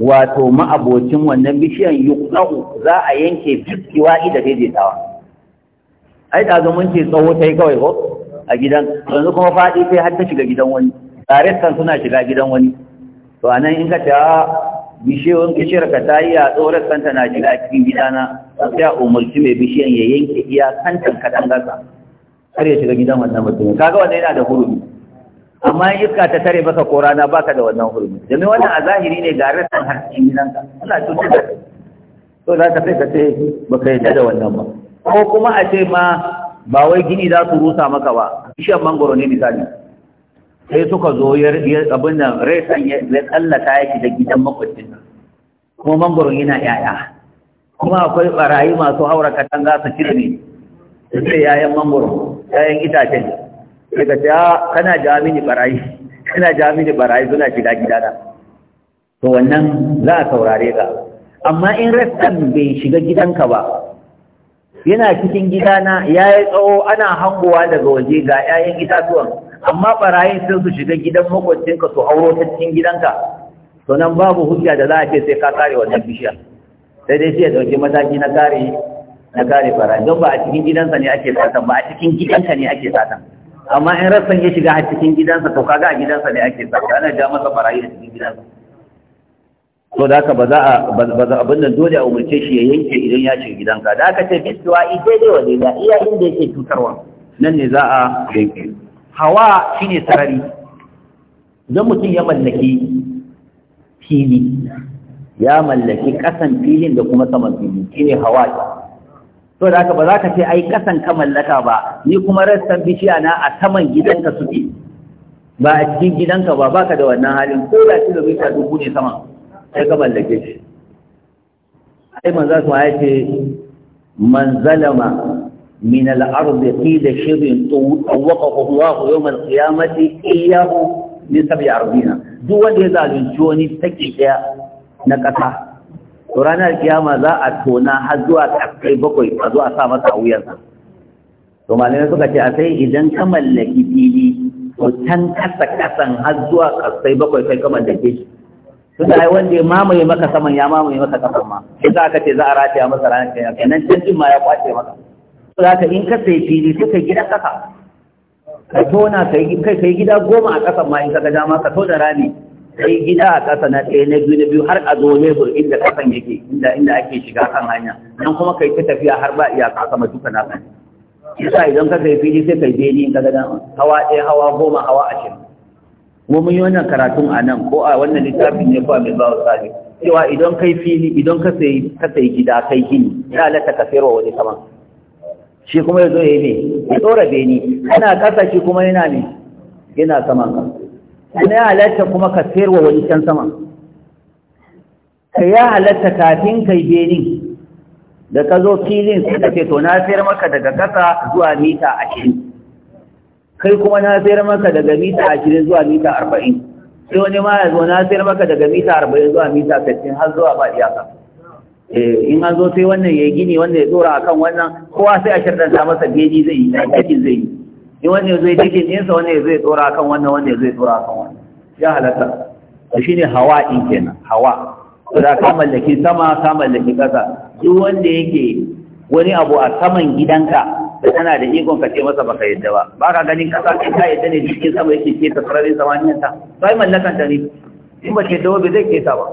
wato ma'abocin wannan bishiyan yuqdau za a yanke biskiwa da tawa. ai da mun ce tsawo ta yi kawai ko a gidan yanzu kuma faɗi sai har ta shiga gidan wani tare kan suna shiga gidan wani to anan in ka ta ah, bishiyoyin bishiyar ka ta yi a tsoron kanta na shiga cikin gidana sai a umarci mai bishiyan ya yanke iya kantan kaɗan gasa har ya shiga gidan wannan mutum kaga wannan yana da hurumi amma iska ta tare maka ko rana baka da wannan hurmi domin wannan a zahiri ne ga rasan harshen gidanka Allah to ce to za ka sai ka ce baka yi da wannan ba ko kuma a ce ma ba wai gini za su rusa maka ba bishiyar mangoro ne misali sai suka zo abin nan rasan ya tsallaka yake da gidan makwacin kuma mangoro yana yaya kuma akwai barayi masu haura katanga su cire ne su yayan mangoro yayan itacen daga ta ah, kana ja mini barayi kana ja barayi suna shiga gidana to wannan za a saurare ka amma in rastan bai shiga gidanka ba yana cikin gidana ya yi tsawo ana hangowa daga waje ga 'ya'yan itatuwan amma barayin sun su shiga gidan makwancinka su auro ta cikin gidanka to nan babu hujja da za a ce sai ka kare wannan bishiya sai dai sai ya ɗauki mataki na kare na kare barayin don ba a cikin gidansa ne ake satan ba a cikin gidanka ne ake satan amma in rassan ya shiga a cikin gidansa to kaga a gidansa ne ake sa ana ja masa barayi a cikin gidansa to da haka ba za a ba za abin nan dole a umarce shi ya yanke idan ya shiga gidanka da haka ce biswa daidai wa da, iya inda yake cutarwa nan ne za a yanke hawa shine sarari idan mutum ya mallaki fili ya mallaki kasan filin da kuma saman filin shine hawa to da haka ba za ka ce ai kasan ka mallaka ba ni kuma rassan bishiya na a saman gidanka suke ba a cikin gidanka ba baka da wannan halin ko da kilomita dubu ne sama sai ka mallake shi ai za su ma ce man zalama min al-ard qila shibin tawaqahu Allah yawm al-qiyamati li sab'i ardina duk wanda ya zalunci wani take daya na ƙasa. to ranar kiyama za a tona har zuwa kaskai bakwai a zuwa sa masa a wuyansa to malamai suka ce a sai idan ka mallaki fili to can kasa kasan har zuwa kaskai bakwai kai ka mallake shi tun da wanda ya mamaye maka saman ya mamaye maka kasan ma sai za ka ce za a rataya masa ranar kiyama kenan can jin ma ya kwace maka to za ka in ka sai fili sai ka gida kasa ka tona kai kai gida goma a kasan ma in ka ga dama ka tona rami sai gida a ƙasa na ɗaya na biyu na biyu har a zo lebur inda ƙasan yake inda inda ake shiga kan hanya nan kuma kai ta tafiya har ba iyaka sama duka na kan yasa idan ka kai fili sai kai beli in ka ga dan hawa ɗaya hawa goma hawa ashirin kuma mun yi wannan karatun a nan ko a wannan littafin ne ko a mai bawa sani cewa idan kai fili idan ka sai ka sai gida kai gini ya halatta ka sayarwa wani sama shi kuma ya zo ya yi ne ya tsora beni kana ƙasa shi kuma yana ne yana saman ka sannan ya halatta kuma ka sayar wa wani can sama ka ya halatta kafin kai benin da ka zo filin sai ka ce to na sayar maka daga ƙasa zuwa mita ashirin kai kuma na sayar maka daga mita ashirin zuwa mita arba'in sai wani ma ya zo na sayar maka daga mita arba'in zuwa mita sittin har zuwa ba iyaka eh, in an zo sai wannan ya gini wannan ya dora akan wannan kowa sai a shirɗanta masa beji zai yi aikin zai yi Ni wanda ya zo ya cikin ɗinsa wanda ya zo ya tsora kan wannan wanda ya zo ya tsora kan wannan ya halatta to shi ne hawa ɗin kenan hawa to da ka mallaki sama ka mallaki ƙasa duk wanda yake wani abu a saman gidanka tana da ikon ka ce masa baka yadda ba ba ka ganin kasa ke ka yadda ne cikin sama yake ke ta sararin samaniyar ta sai mallakan ta ne in ba ce dawo bai zai ke ta ba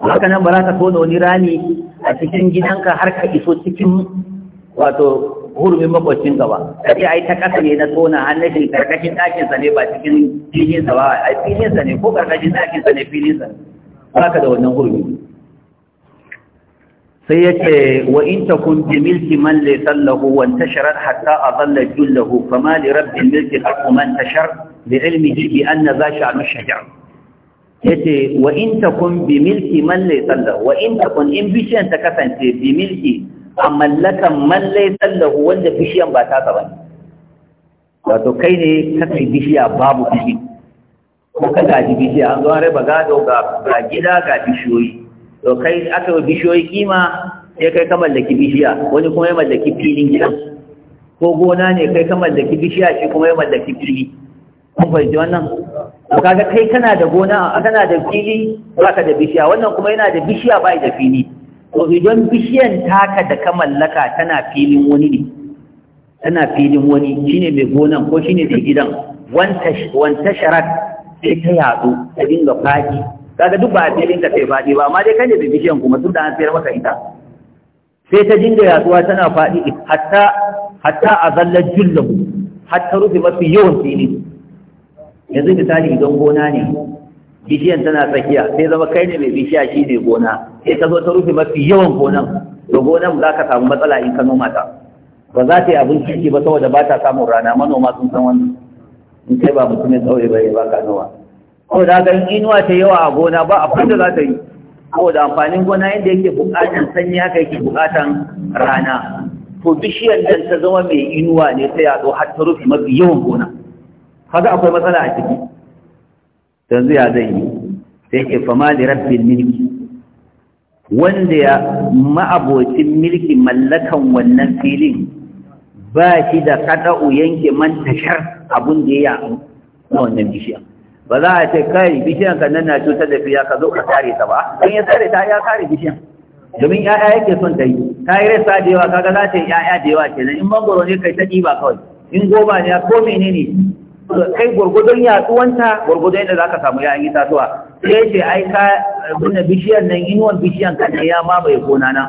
haka nan ba za ka tona wani rami a cikin gidanka har ka iso cikin wato hurumin makwacin gaba kace ai ta kasa ne na tona hannashin karkashin ɗakin sa ne ba cikin filin sa ba ai filin sa ne ko karkashin ɗakin sa ne filin sa baka da wannan hurumi sai yace wa in takun bi milki man laysa lahu wa intashara hatta adalla jullahu fama li rabbil milki haqqu man tashar bi ilmihi bi anna za sha'nu shajar yace wa in takun bi milki man laysa wa in takun in bishiyan ta kasance bi milki a mallakan mallai sallahu wanda bishiyan ba ta ba ne wato kai ne ka kai bishiya babu bishi ko ka gaji bishiya an zo raba gado ga gida ga bishiyoyi to kai aka yi bishiyoyi kima sai kai ka mallaki bishiya wani kuma ya mallaki filin gidan ko gona ne kai ka mallaki bishiya shi kuma ya mallaki fili kun fahimci wannan to kaga kai kana da gona kana da fili ka da bishiya wannan kuma yana da bishiya yi da fili ko idan bishiyan taka da ka mallaka tana filin wani ne tana filin wani shine mai gonan ko shine mai gidan wanta sharat sai ta yatsu ta dinga faɗi kaga duk ba a filin ka sai faɗi ba amma dai kan da bishiyan kuma tun da an sayar maka ita sai ta dinga yaduwa tana faɗi hatta hatta a zallar jullahu hatta rufe mafi yawan filin yanzu misali idan gona ne bishiyan tana tsakiya sai zama kai ne mai bishiya shi ne gona sai ka zo ta rufe mafi yawan gonan to gonan za ka samu matsala in ka noma ta ba za ta yi abin kirki ba saboda ba ta samun rana manoma sun san wani. in kai ba mutumin sauri ba ya ba ka noma ko da ganin inuwa ta yawa a gona ba a da za ta yi Ko da amfanin gona yadda yake buƙatan sanyi haka yake buƙatan rana to bishiyar nan ta zama mai inuwa ne ta yaɗo har ta rufe mafi yawan gona kaga akwai matsala a ciki yanzu ya zai yi sai ke fama da rabbin milki wanda ya ma'abocin milki mallakan wannan filin ba shi da kada'u yanke mantashar abin abun da ya yi a wannan bishiya ba za a ce kai bishiyan ka nan na cutar da fiya ka zo ka tare ta ba don ya tare ta ya kare bishiyan domin ya'ya yake son ta yi ta yi rasa da yawa kaga za ta yi ya'ya da yawa kenan in mangoro ne kai ta ɗiba kawai in goma ne ko menene kai gwargwadon yaduwanta gwargwadon yadda za ka samu ya'yan itatuwa sai ce ai ka bunna bishiyar nan inuwan bishiyan ka ne ya mamaye gona na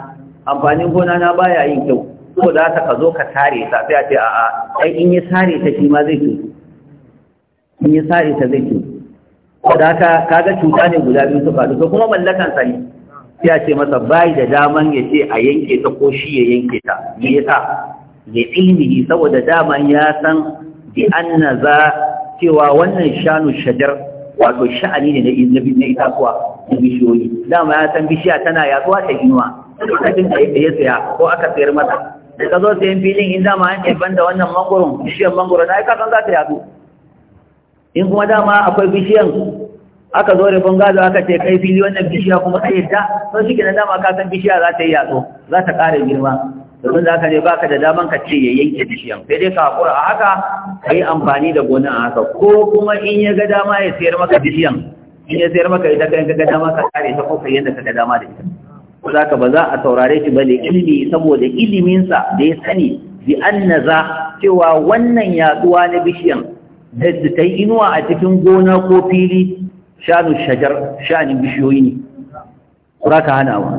amfanin gona na baya yin kyau ko za ta ka zo ka tare ta sai a ce a'a ai in ya tare ta shi ma zai ce in ya tare ta zai ce ko da ka kaga cuta ne guda biyu suka to kuma mallakan sa ne sai a ce masa bai da daman ya ce a yanke ta ko shi ya yanke ta me yasa ya ilmihi saboda daman ya san bi anna za cewa wannan shanu shajar wato sha'ani ne na na itatuwa da bishiyoyi dama ya san bishiya tana yatsuwa ta inuwa abin da ya saya ko aka sayar mata da ka zo sayan filin in dama an ɗaiɓan da wannan mangoron bishiyar mangoron na aika san za ta yatsu in kuma dama akwai bishiyan aka zo rufin gado aka ce kai fili wannan bishiya kuma ta yadda sau shi ke na dama ka san bishiya za ta yi yatsu za ta ƙara girma domin za ka ne ka da daman ka ce ya yanke bishiyan sai dai ka haƙura a haka ka yi amfani da gona a haka ko kuma in ya ga dama ya sayar maka bishiyan in ya sayar maka ita kayan ka ga dama ka kare ta ko ka yanda ka ga dama da ita ko za ka ba za a saurare shi ba ilimi saboda iliminsa da ya sani bi annaza cewa wannan yaduwa na bishiyan da ta yi inuwa a cikin gona ko fili shanu shajar shanin bishiyoyi ne ka hana wa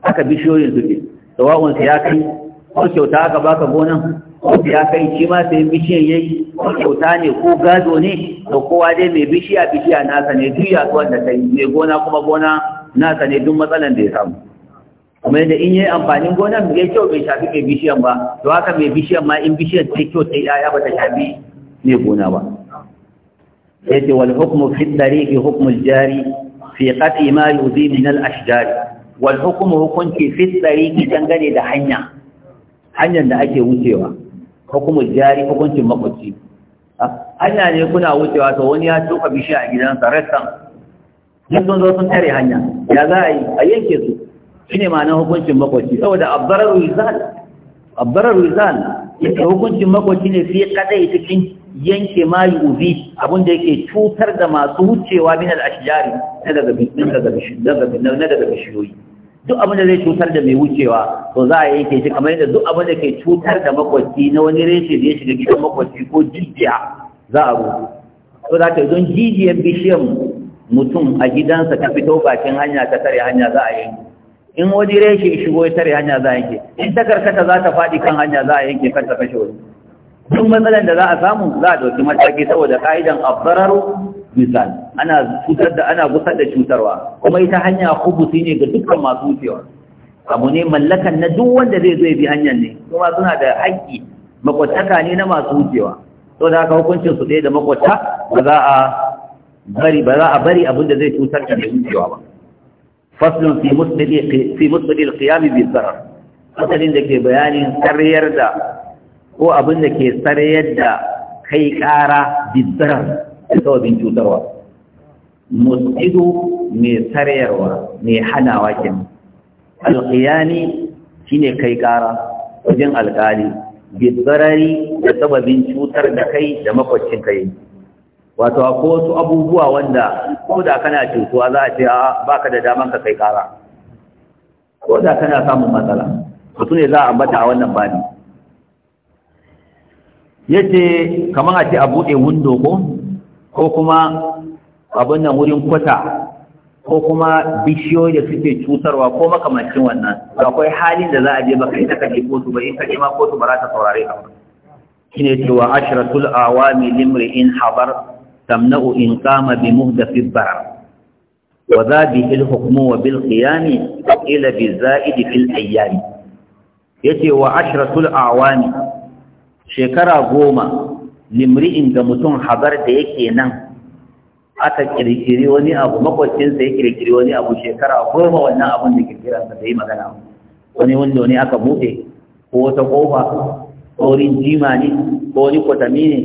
haka bishiyoyin suke sawa'un ya kai ko kyauta aka baka gonan ko ya kai shi ma sai bishiyan yayi ko kyauta ne ko gado ne to kowa dai mai bishiya bishiya nasa ne duk tuwa da kai mai gona kuma gona nasa ne duk matsalan da ya samu kuma yadda in yi amfanin gonan ya kyau bai shafi mai bishiyan ba to haka mai bishiyan ma in bishiyan ta kyau ta yaya ba ta shafi mai gona ba sai ce wal hukmu fi ke hukmul jari fi qat'i ma yudhi min al ashjar wal hukmu hukunci fi dariqi dangane da hanya hanyar da ake wucewa ko kuma jari hukuncin makwabci ah, hanya ne kuna wucewa to wani ya tuka bishiya a gidansa rassan duk sun zo sun tare hanya ya za a yi a yanke su shi ne ma'anar hukuncin makwabci saboda abbarar rizal abbarar rizal yake hukuncin makwabci ne fiye kadai cikin yanke ma yuzi abin da yake cutar da masu wucewa min al-ashjari na daga bishiyoyi duk abin da zai cutar da mai wucewa to za a yanke shi kamar yadda duk abin da ke cutar da makwabci na wani reshe da ya shiga gidan makwabci ko jijiya za a rubu to za yi don jijiyar bishiyar mutum a gidansa ta fito bakin hanya ta tare hanya za a yi in wani reshe ya shigo ya tare hanya za a yanke in ta karkata za ta faɗi kan hanya za a yanke kar ta kashe wani duk matsalar da za a samu za a ɗauki mataki saboda ka'idan abbararu misali ana cutar da ana gusar da cutarwa kuma ita hanya hubusi ne ga dukkan masu wucewa abu ne mallakan na duk wanda zai zo bi hanyar ne kuma suna da haƙƙi makwataka ne na masu wucewa to da haka hukuncin su ɗaya da makwata ba za a bari ba za a bari abin da zai cutar da mai wucewa ba faslun fi musbili fi musbili alqiyam bi darar asalin da ke bayanin sarayar da ko abin da ke sarayar da kai ƙara bi darar da sababin cutarwa musidu mai sarayarwa mai hanawa kenan alƙiyani shine kai ƙara wajen alƙali bidarari da sababin cutar da kai da makwacin kai wato akwai wasu abubuwa wanda ko da kana cutuwa za a ce a baka da daman ka kai ƙara ko da kana samun matsala su ne za a ambata a wannan bani yace kamar a ce a buɗe windo ko ko kuma abin nan wurin kwata ko kuma bishiyoyi da suke cutarwa ko makamancin wannan akwai halin da za a je baka ita kaje kotu ba in ka je ma kotu ba za ta saurare ka ba shine cewa ashratul awami in habar tamna'u in qama bi muhdathi barar wa za bi il hukmu wa bil qiyami ila bi za'idi fil ayyami yace wa ashratul awami shekara goma limri'in ga mutum habar da yake nan aka kirkiri wani abu makwacinsa ya kirkiri wani abu shekara goma wannan abun da kirkiransa da yi magana wani wanda wani aka buɗe ko wata ƙofa ko wani jima ne ko wani kwatami ne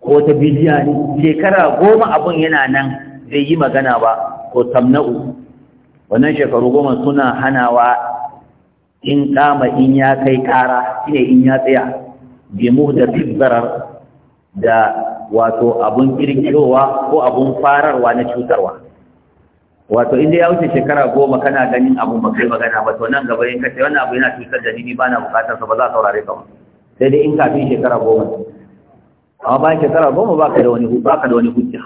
ko wata bijiya ne shekara goma abun yana nan zai yi magana ba ko tamna'u wannan shekaru goma suna hanawa in kama in ya kai kara shine in ya tsaya bi muhdathid zarar da wato abun kirkirowa ko abun fararwa na cutarwa wato inda ya wuce shekara goma kana ganin abun ba kai magana ba to nan gaba in ka ce wannan abu yana cutar da ni ba na bukatar sa ba za saurare ka ba sai dai in kafin shekara goma amma bayan shekara goma ba ka da wani ba ka da wani hujja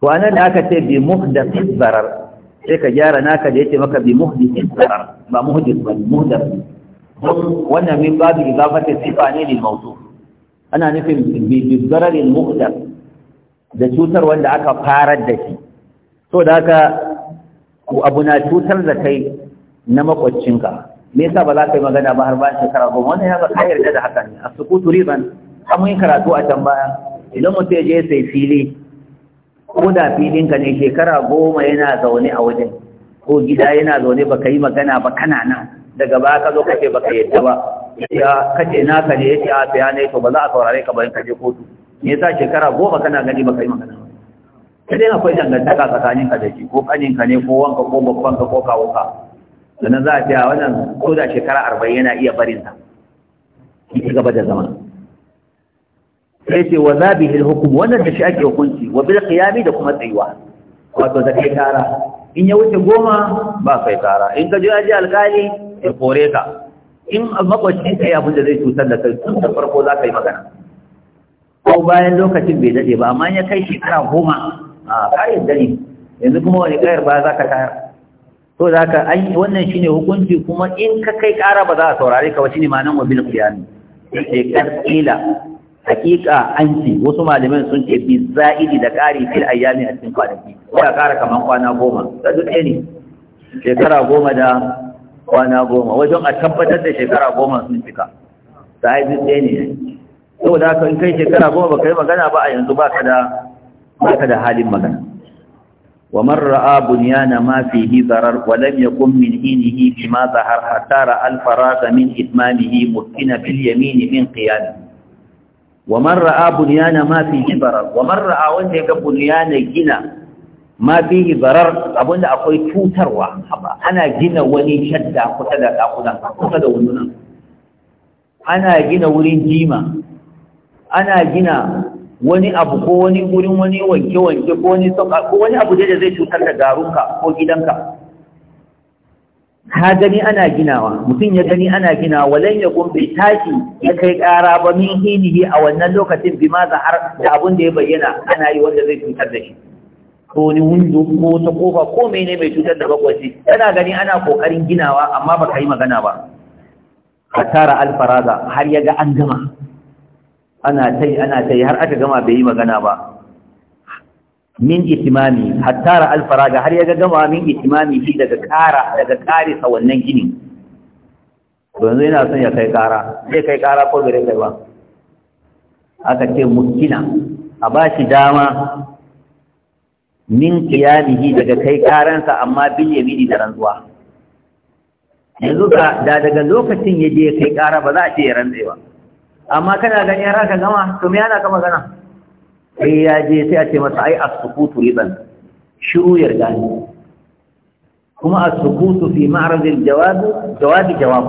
to anan da aka ce bi muhdathid zarar sai ka gyara naka da yace maka bi muhdathid zarar ba muhdath ba muhdath wannan min babu izafata sifa ne lil mawdu ana nufin bi zararin da cutar wanda aka farar da shi to da haka abu na cutar da kai na makwaccinka me yasa ba za ka yi magana ba har ba shekara goma wannan ya ga ka yarda da haka ne a sukutu riban an yi karatu a can baya idan mutum ya je sai fili ko da filinka ne shekara goma yana zaune a wajen ko gida yana zaune ba ka yi magana ba kana nan daga baya ka zo kake baka yadda ba ya kace naka ne yace a tsaya ne to ba za a saurare ka ba in kaje kotu me yasa shekara goma kana gani baka yi magana ba sai akwai dangantaka tsakanin ka da shi ko kanin ka ne ko wanka ko babban ka ko kawo ka sannan za a tsaya wannan ko da shekara arba'in yana iya barin ta ci gaba da zama sai ce wa zabihi al wannan da shi ake hukunci wa bil qiyami da kuma tsayuwa wato da kai tara in ya wuce goma ba kai tara in ka je aji alkali ya kore ka in makwacin ka ya da zai cutar da kai tun da farko za ka yi magana ko bayan lokacin bai daɗe ba amma ya kai shekara goma a kayan dani yanzu kuma wani kayar ba za ka tayar to za ka wannan shi ne hukunci kuma in ka kai ƙara ba za a saurare ka ba shine ma'anan wa bil qiyam sai kar kila hakika an ce wasu malaman sun ce bi za'idi da ƙari fil ayyami a cikin kwanaki ko ya ƙara kaman kwana goma da duk ne shekara goma da kwana goma wajen a tabbatar da shekara goma sun cika ta haifi ɗaya ne da haka in kai shekara goma ba kai magana ba a yanzu ba ka da halin magana wa man ra'a bunyana ma fihi zarar wa lam kun min hinihi bima zahar hatta ra'a al faraga min itmamihi mutkina bil yamin min qiyam wa man ra'a bunyana ma fihi zarar wa man ra'a wanda ya ga bunyana gina ma bihi barar abinda akwai cutarwa ana gina wani shadda kusa da ɗakunan kusa da wundunan ana gina wurin jima ana gina wani abu ko wani wurin wani wanke-wanke ko wani sauka ko wani abu da zai cutar da garunka ko gidanka ka gani ana ginawa mutum ya gani ana ginawa walan ya gumbe tashi ya kai ƙara ba min hinihi a wannan lokacin bi ma har da abin da ya bayyana ana yi wanda zai cutar da shi ko ni windo ko ta kofa ko mene mai cutar da bakwaci yana gani ana kokarin ginawa amma baka yi magana ba ka alfaraza har ya ga an gama ana tai ana tai har aka gama bai yi magana ba min itimami hattara alfaraga har ya ga gama min itimami shi daga kara daga kare sa wannan ginin yanzu yana son ya kai kara sai kai kara ko gare kai ba aka ce mukina a ba shi dama min kiyamihi daga kai karansa amma bil yamini da rantsuwa yanzu da daga lokacin ya je kai kara ba za a ce ya rantse ba amma kana ganin yara ka gama to me yana ka magana sai ya je sai a ce masa ai as-sukutu riban shiru ya ne kuma as-sukutu fi ma'rad al-jawab jawab jawab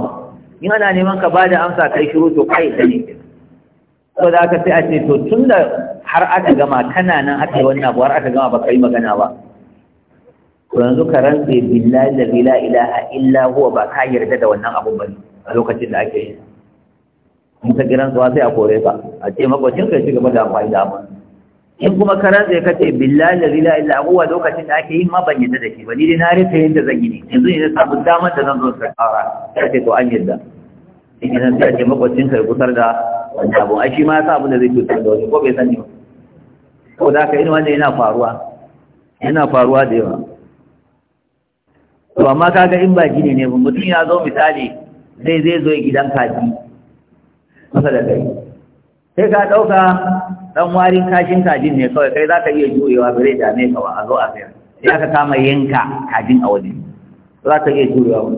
in ana neman ka bada amsa kai shiru to kai da ne to da aka sai a ce to tun da har aka gama kana nan aka yi wannan abuwar har aka gama ba ka yi magana ba to yanzu ka rantse billahi la ila ilaha illa huwa ba ka yarda da wannan abun ba a lokacin da ake yi in ta giran suwa sai a kore ka a ce makwacin ka ci gaba da amfani da abun in kuma ka rantse ka ce billahi la ila illa huwa lokacin da ake yi ma ban yarda da shi ba ni dai na rufe yadda zan yi ne yanzu ne na samu damar da zan zo ka ka ce to an yarda shi nan sai a ce makwacin ka ya da wani abu a shi ma ya sa abin da zai cutar da wani ko bai sani ba ko da haka irin wanda yana faruwa yana faruwa da yawa to amma kaga in ba gine ne mutum ya zo misali zai zai zo gidan kaji masa da kai sai ka ɗauka ɗan warin kashin kajin ne kawai kai za ka iya jurewa ba zai dame ka ba a zo a sayar sai aka kama yanka kajin a waje za ka iya jurewa wani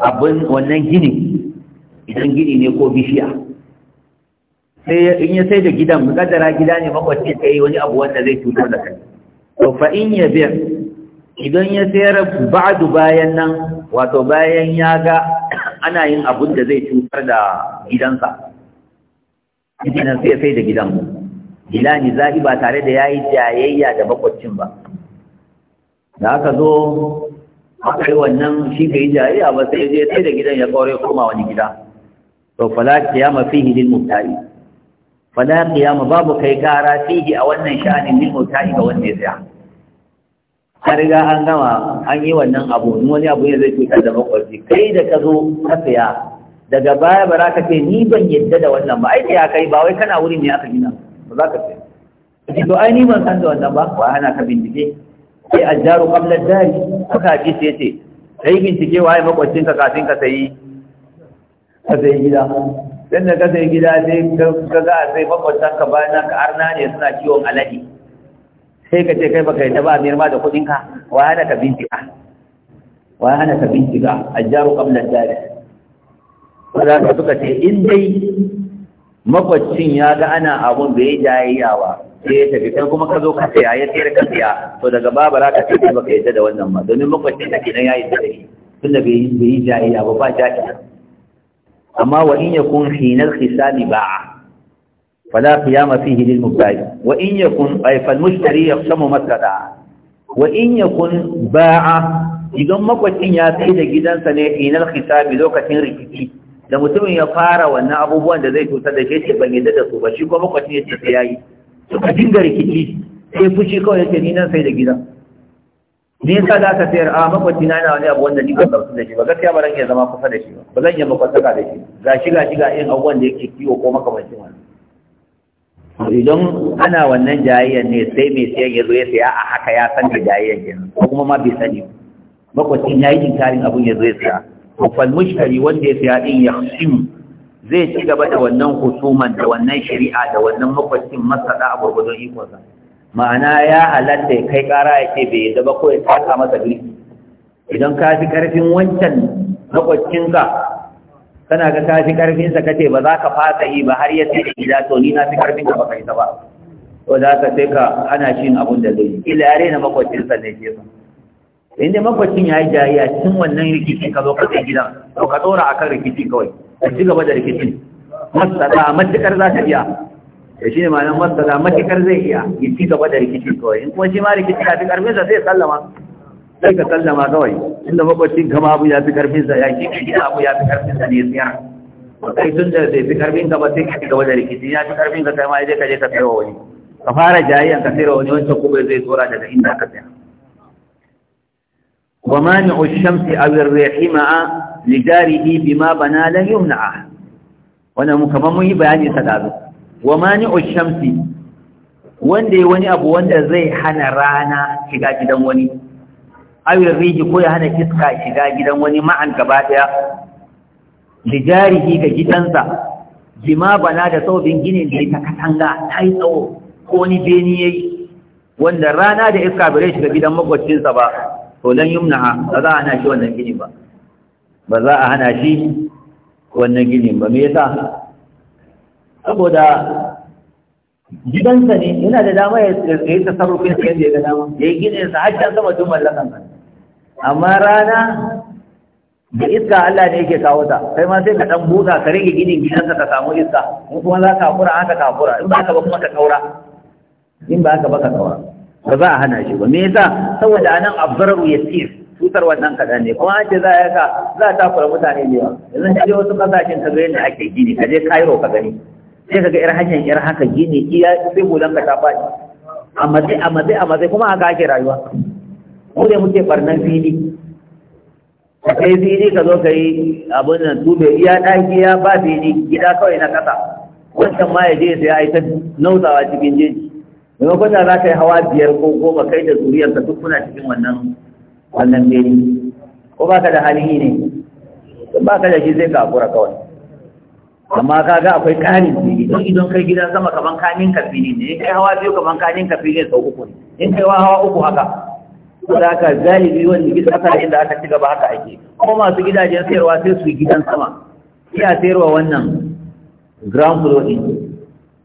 abin wannan gini idan gini ne ko bishiya sai in ya sai da gidan mukaddara gida ne makwacin ta yi wani abu wanda zai cutar da kai to fa in ya biyar idan ya sayar ba'du bayan nan wato bayan ya ga ana yin abun da zai cutar da gidansa idan sai sai da gidan gida ne za'i ba tare da yayi jayayya da makwacin ba da aka zo aka yi wannan shi yi jayayya ba sai je sai da gidan ya kaure koma wani gida to fala qiyama fihi lil mubtari fala qiyama babu kai kara fihi a wannan sha'anin lil mubtari ga wanda ya tsaya ka riga an gama an yi wannan abu wani abu ne zai cutar da makwarci kai da ka zo ka tsaya daga baya ba za ka ce ni ban yadda da wannan ba ai ya kai ba wai kana wurin ne aka gina ba za ka ce to ai ni ban san da wannan ba ba ana ka bindige. sai jaru ƙamlar dari haka hadisi yace sai bincike waye makwacin ka kafin ka sayi ka gida dan da ka sayi gida sai ka ga sai makwacin ka bayan ka arna ne suna ciwon alade sai ka ce kai baka yi taba mirma miyar da kudin ka wa hana ka bincika wa hana ka bincika jaru ƙamlar dari ka suka ce in dai makwacin ya ga ana abun bai jayayyawa sai ya tafi kai kuma ka zo ka saya ya sayar ka saya to daga ba ba ka tafi ba yadda da wannan ba domin makwacin ta kenan ya yi da tun da bai yi jayayya ba ba jayayya amma wa in yakun hinal khisami ba'a فلا قيام فيه للمبتاع وإن يكن أي فالمشتري يقسم ما استطاع وإن يكن باع idan makwacin ya sai da gidansa ne inar hisabi lokacin rikici da mutumin ya fara wannan abubuwan da zai cutar da shi ce ban yadda da su ba shi kuma makwacin ya ce sai yayi suka dinga rikici sai fushi kawai yake ni nan sai da gida Ni yasa da aka sayar a ah, makwabci na yana wani abu wanda ni ban gamsu da shi ba gaskiya ba zan iya zama kusa da shi ba ba zan iya makwabtaka da shi ga shi ga shi ga yin abubuwan da yake kiwo ko makamancin wani idan ana wannan jayayyar ne sai mai siyan ya zo ya saya a haka ya san da jayayyar kenan ko kuma ma bai sani makwabcin ya yi inkarin abun ya zo ya saya to fal mushkari wanda ya saya din ya khsim zai ci gaba da wannan husuman da wannan shari'a da wannan makwacin masada a gurgudun ikonsa ma'ana ya halatta ya kai kara ya ce bai zaba ko ya taka masa girki idan ka fi karfin wancan makwacinka kana ga ka fi karfinsa ce ba za ka fasa yi ba har ya ce da gida to ni na fi karfin ka ba ka ta ba to za ka sai ka ana shi abun da zai ila yare na makwacinsa ne ke sa inda makwacin ya yi jariya cin wannan rikicin ka zo ka kai gidan to ka tsora akan rikici kawai a ci gaba da rikicin masala matukar za ta iya Ya shi ne malam masala matukar zai iya yi ci gaba da rikicin kawai in kuma shi ma rikicin ya fi karfinsa sai sallama sai ka sallama kawai inda makwacin gama abu ya fi karfinsa ya ci, gina abu ya fi karfinsa ne tsiyar kai tun da zai fi karfin gaba sai ka ci gaba da rikicin ya fi karfin ka kai ma ya je ka je ka sayo wani ka fara jayayyan ka sayo wani wancan kuma zai tsora daga inda ka sayo wa mani'u shamsi aw ar-rihi ma'a lijarihi bima bana lan yumna'a wannan mu kaman mun yi bayani sadazu wa mani'u wanda ya wani abu wanda zai hana rana shiga gidan wani aw ar ko ya hana iska shiga gidan wani ma'an gaba daya lijarihi ga gidansa bima bana da saubin ginin da ita katanga ta yi tsawo ko ni beni yayi wanda rana da iska bare shiga gidan makwabcinsa ba to lan yumna ba za a hana shi wannan ginin ba ba za a hana shi wannan ginin ba me yasa saboda gidansa ne yana da dama ya yi tasarrufin sa yadda ya ga dama ya yi ginin sa har can sama tun lakan sa amma rana da iska Allah ne yake kawo ta kai ma sai ka dan buɗa ka rage ginin gidansa ka samu iska in kuma za ka hakura haka ka hakura in ba haka ba kuma ka kaura in ba haka ba ka kaura ba za a hana shi ba me yasa saboda anan abdararu yasir cutar wannan kaɗan ne kuma an ce za a ka za ta fara mutane ne yanzu ka je wasu kasashen ka ga yadda ake gini ka je cairo ka gani sai ka ga irin hanyar irin haka gini iya sai bulan ka ta faɗi a matsayi a matsayi a matsayi kuma haka ake rayuwa Ko ne muke barnan fili ka kai fili ka zo ka yi abin nan tube iya ɗaki ya ba fili gida kawai na ƙasa wancan ma ya je sai ya yi ta nautawa cikin jeji maimakon da za ka yi hawa biyar ko goma kai da zuriyarka duk kuna cikin wannan wannan beri ko ba ka da hali ne ba ka da shi zai ka hakura kawai amma ka ga akwai ƙarin fili don idan kai gidan sama kaman kanin ka fili ne in kai hawa biyu kaman kanin ka fili sau uku ne in kai hawa uku haka da haka zalibi wanda gida aka inda aka ci gaba haka ake kuma masu gidajen sayarwa sai su gidan sama iya sayarwa wannan ground floor din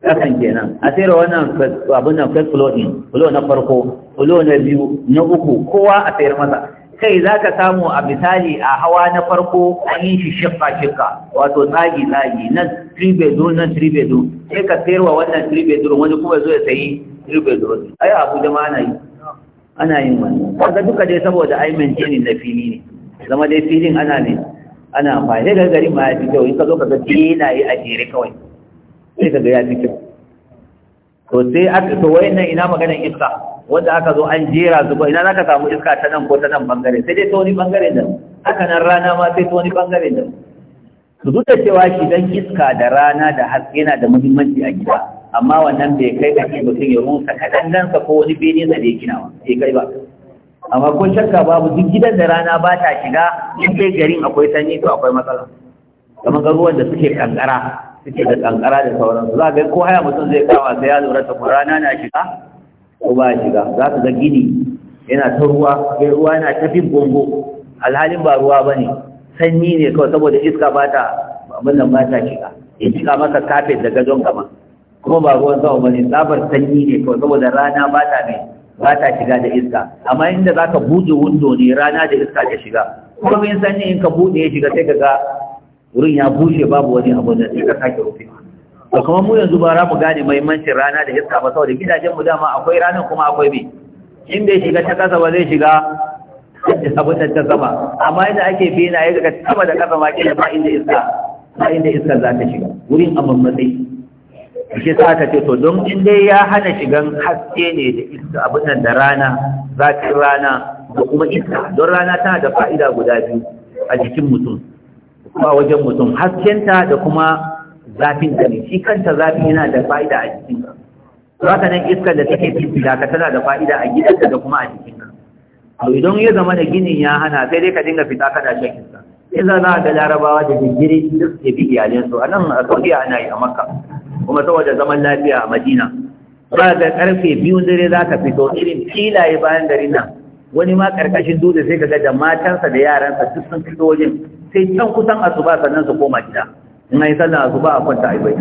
kasan kenan a tsere wannan abin nan first flow din flow na farko flow na biyu na uku kowa a tsayar masa kai za ka samu a misali a hawa na farko an yi shi shifka shifka wato tsagi tsagi na three na nan sai ka sayarwa wannan three wani kuma zo ya sayi three bedroom ai abu da ma ana yi ana yin wannan kaga duka dai saboda ai maintaining na fili ne zama dai filin ana ne ana amfani da garin ma ya fi kyau in ka zo ka ga yi a jere kawai sai ka ga ya fi kyau to sai aka to wayannan ina maganar iska wanda aka zo an jera zuba ina za ka samu iska ta nan ko ta nan bangare sai dai ta wani bangare da haka nan rana ma sai ta wani bangare da su duk da cewa shi dan iska da rana da haske yana da muhimmanci a gida amma wannan bai kai ka ke mutum ya rusa kadangansa ko wani bene da ya gina ba sai kai ba amma ko shakka babu duk gidan da rana ba ta shiga in dai garin akwai sanyi to akwai matsala kamar garuruwan da suke kankara suke da kankara da sauransu za ga ko haya mutum zai kama sai ya lura ta rana na shiga ko ba shiga za ka ga gini yana ta ruwa ya ruwa yana ta fin bongo alhalin ba ruwa ba ne sanyi ne kawai saboda iska ba ta abin nan ba ta shiga ya shiga maka kafet da gadon kama kuma ba ruwan sama ba ne tsabar sanyi ne kawai saboda rana ba ta mai ba ta shiga da iska amma inda za ka buɗe wundo ne rana da iska ta shiga kuma in sanyi in ka buɗe ya shiga sai ka ga wurin ya bushe babu wani abu da suka sake rufe Ba kuma mu yanzu ba za mu gane muhimmancin rana da iska ba saboda gidajen mu dama akwai ranar kuma akwai me in bai shiga ta kasa ba zai shiga abin da ta sama amma ina ake bena ya ga sama da kasa ma kila ba inda iska ba inda iska za ta shiga wurin a mammatsi ke sa ka ce to don in dai ya hana shigan haske ne da iska abin nan da rana zafin rana da kuma iska don rana tana da fa'ida guda biyu a jikin mutum ba wajen mutum haskenta da kuma zafin ta shi kanta zafi yana da fa'ida a jikinka haka nan iskar da take fitila ka tana da fa'ida a gidanka da kuma a jikinka to idan ya zama da ginin ya hana sai dai ka dinga fita kana shan iska idan za ga larabawa da jirgiri da suke bi iyalansu a nan a saudi ana yi a makka kuma saboda zaman lafiya a madina ba da karfe biyun dare za ka fito irin filaye bayan gari nan wani ma karkashin dutse sai ka da matansa da yaransa duk sun fito wajen sai can kusan asuba sannan su koma gida in ai sallan asuba a kwanta a bai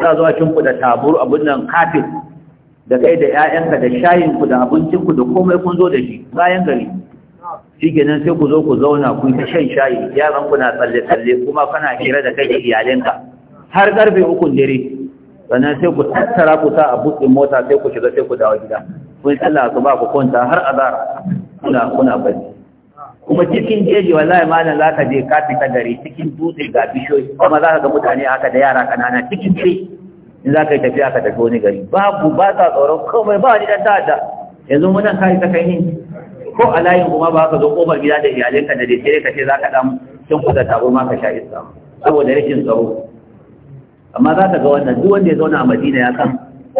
za zo a cinku da tabur abun nan kafin da kai da ƴaƴanka da shayin ku da abincin ku da komai kun zo da shi bayan gari shikenan sai ku zo ku zauna ku ta shan shayi yaran ku na tsalle tsalle kuma kana hira da kai da iyalinka har ƙarfe ukun dare sannan sai ku tattara ku sa a buɗe mota sai ku shiga sai ku dawo gida kun sallan asuba ku kwanta har azara kuna kuna bacci kuma cikin jeji wallahi malam za ka je kafi ta gari cikin dutse ga bishiyoyi kuma za ka ga mutane haka da yara kanana cikin dai in za ka yi tafiya ka tafi wani gari babu ba sa tsoron komai ba ni dan ta'adda yanzu nan kai ta kai ni ko a layin kuma ba ka zo kofar gida da iyalinka da dai sai ka ce za ka dan kin kuda tabo ma ka sha iska saboda rashin tsaro amma za ka ga wannan duk wanda ya zauna a Madina ya san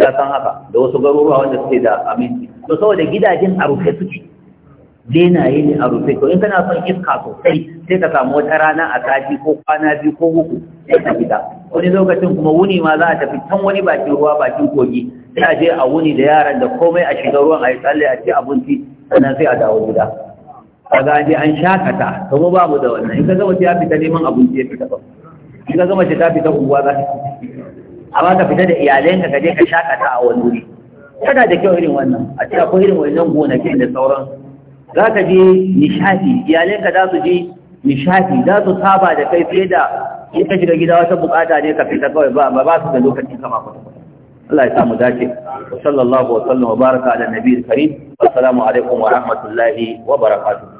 ya san haka da wasu garuruwa wanda suke da aminci to saboda gidajen a rufe suke yi ne a rufe to in kana son iska sosai sai ka samu wata rana a sati ko kwana biyu ko uku sai ka fita wani lokacin kuma wuni ma za a tafi can wani bakin ruwa bakin kogi sai a je a wuni da yaran da komai a shiga ruwan a yi tsalle a ci abinci sannan sai a dawo gida a gaje an shakata mu ba mu da wannan in ka gama ya fita neman abinci ya fita ba in ka gama ta fita unguwa za fita amma ka fita da iyalen ka je ka shakata a wani wuri kada da kyau irin wannan a cikin akwai irin wannan gonakin da sauran za ka ji nishadi ka za su ji nishadi za su saba da kai fiye da in ka shiga gida wata bukata ne ka fita kawai ba ba su da lokaci kama kwata Allah ya samu dace sallallahu wa sallam wa baraka ala nabiyil karim assalamu alaikum wa rahmatullahi wa barakatuh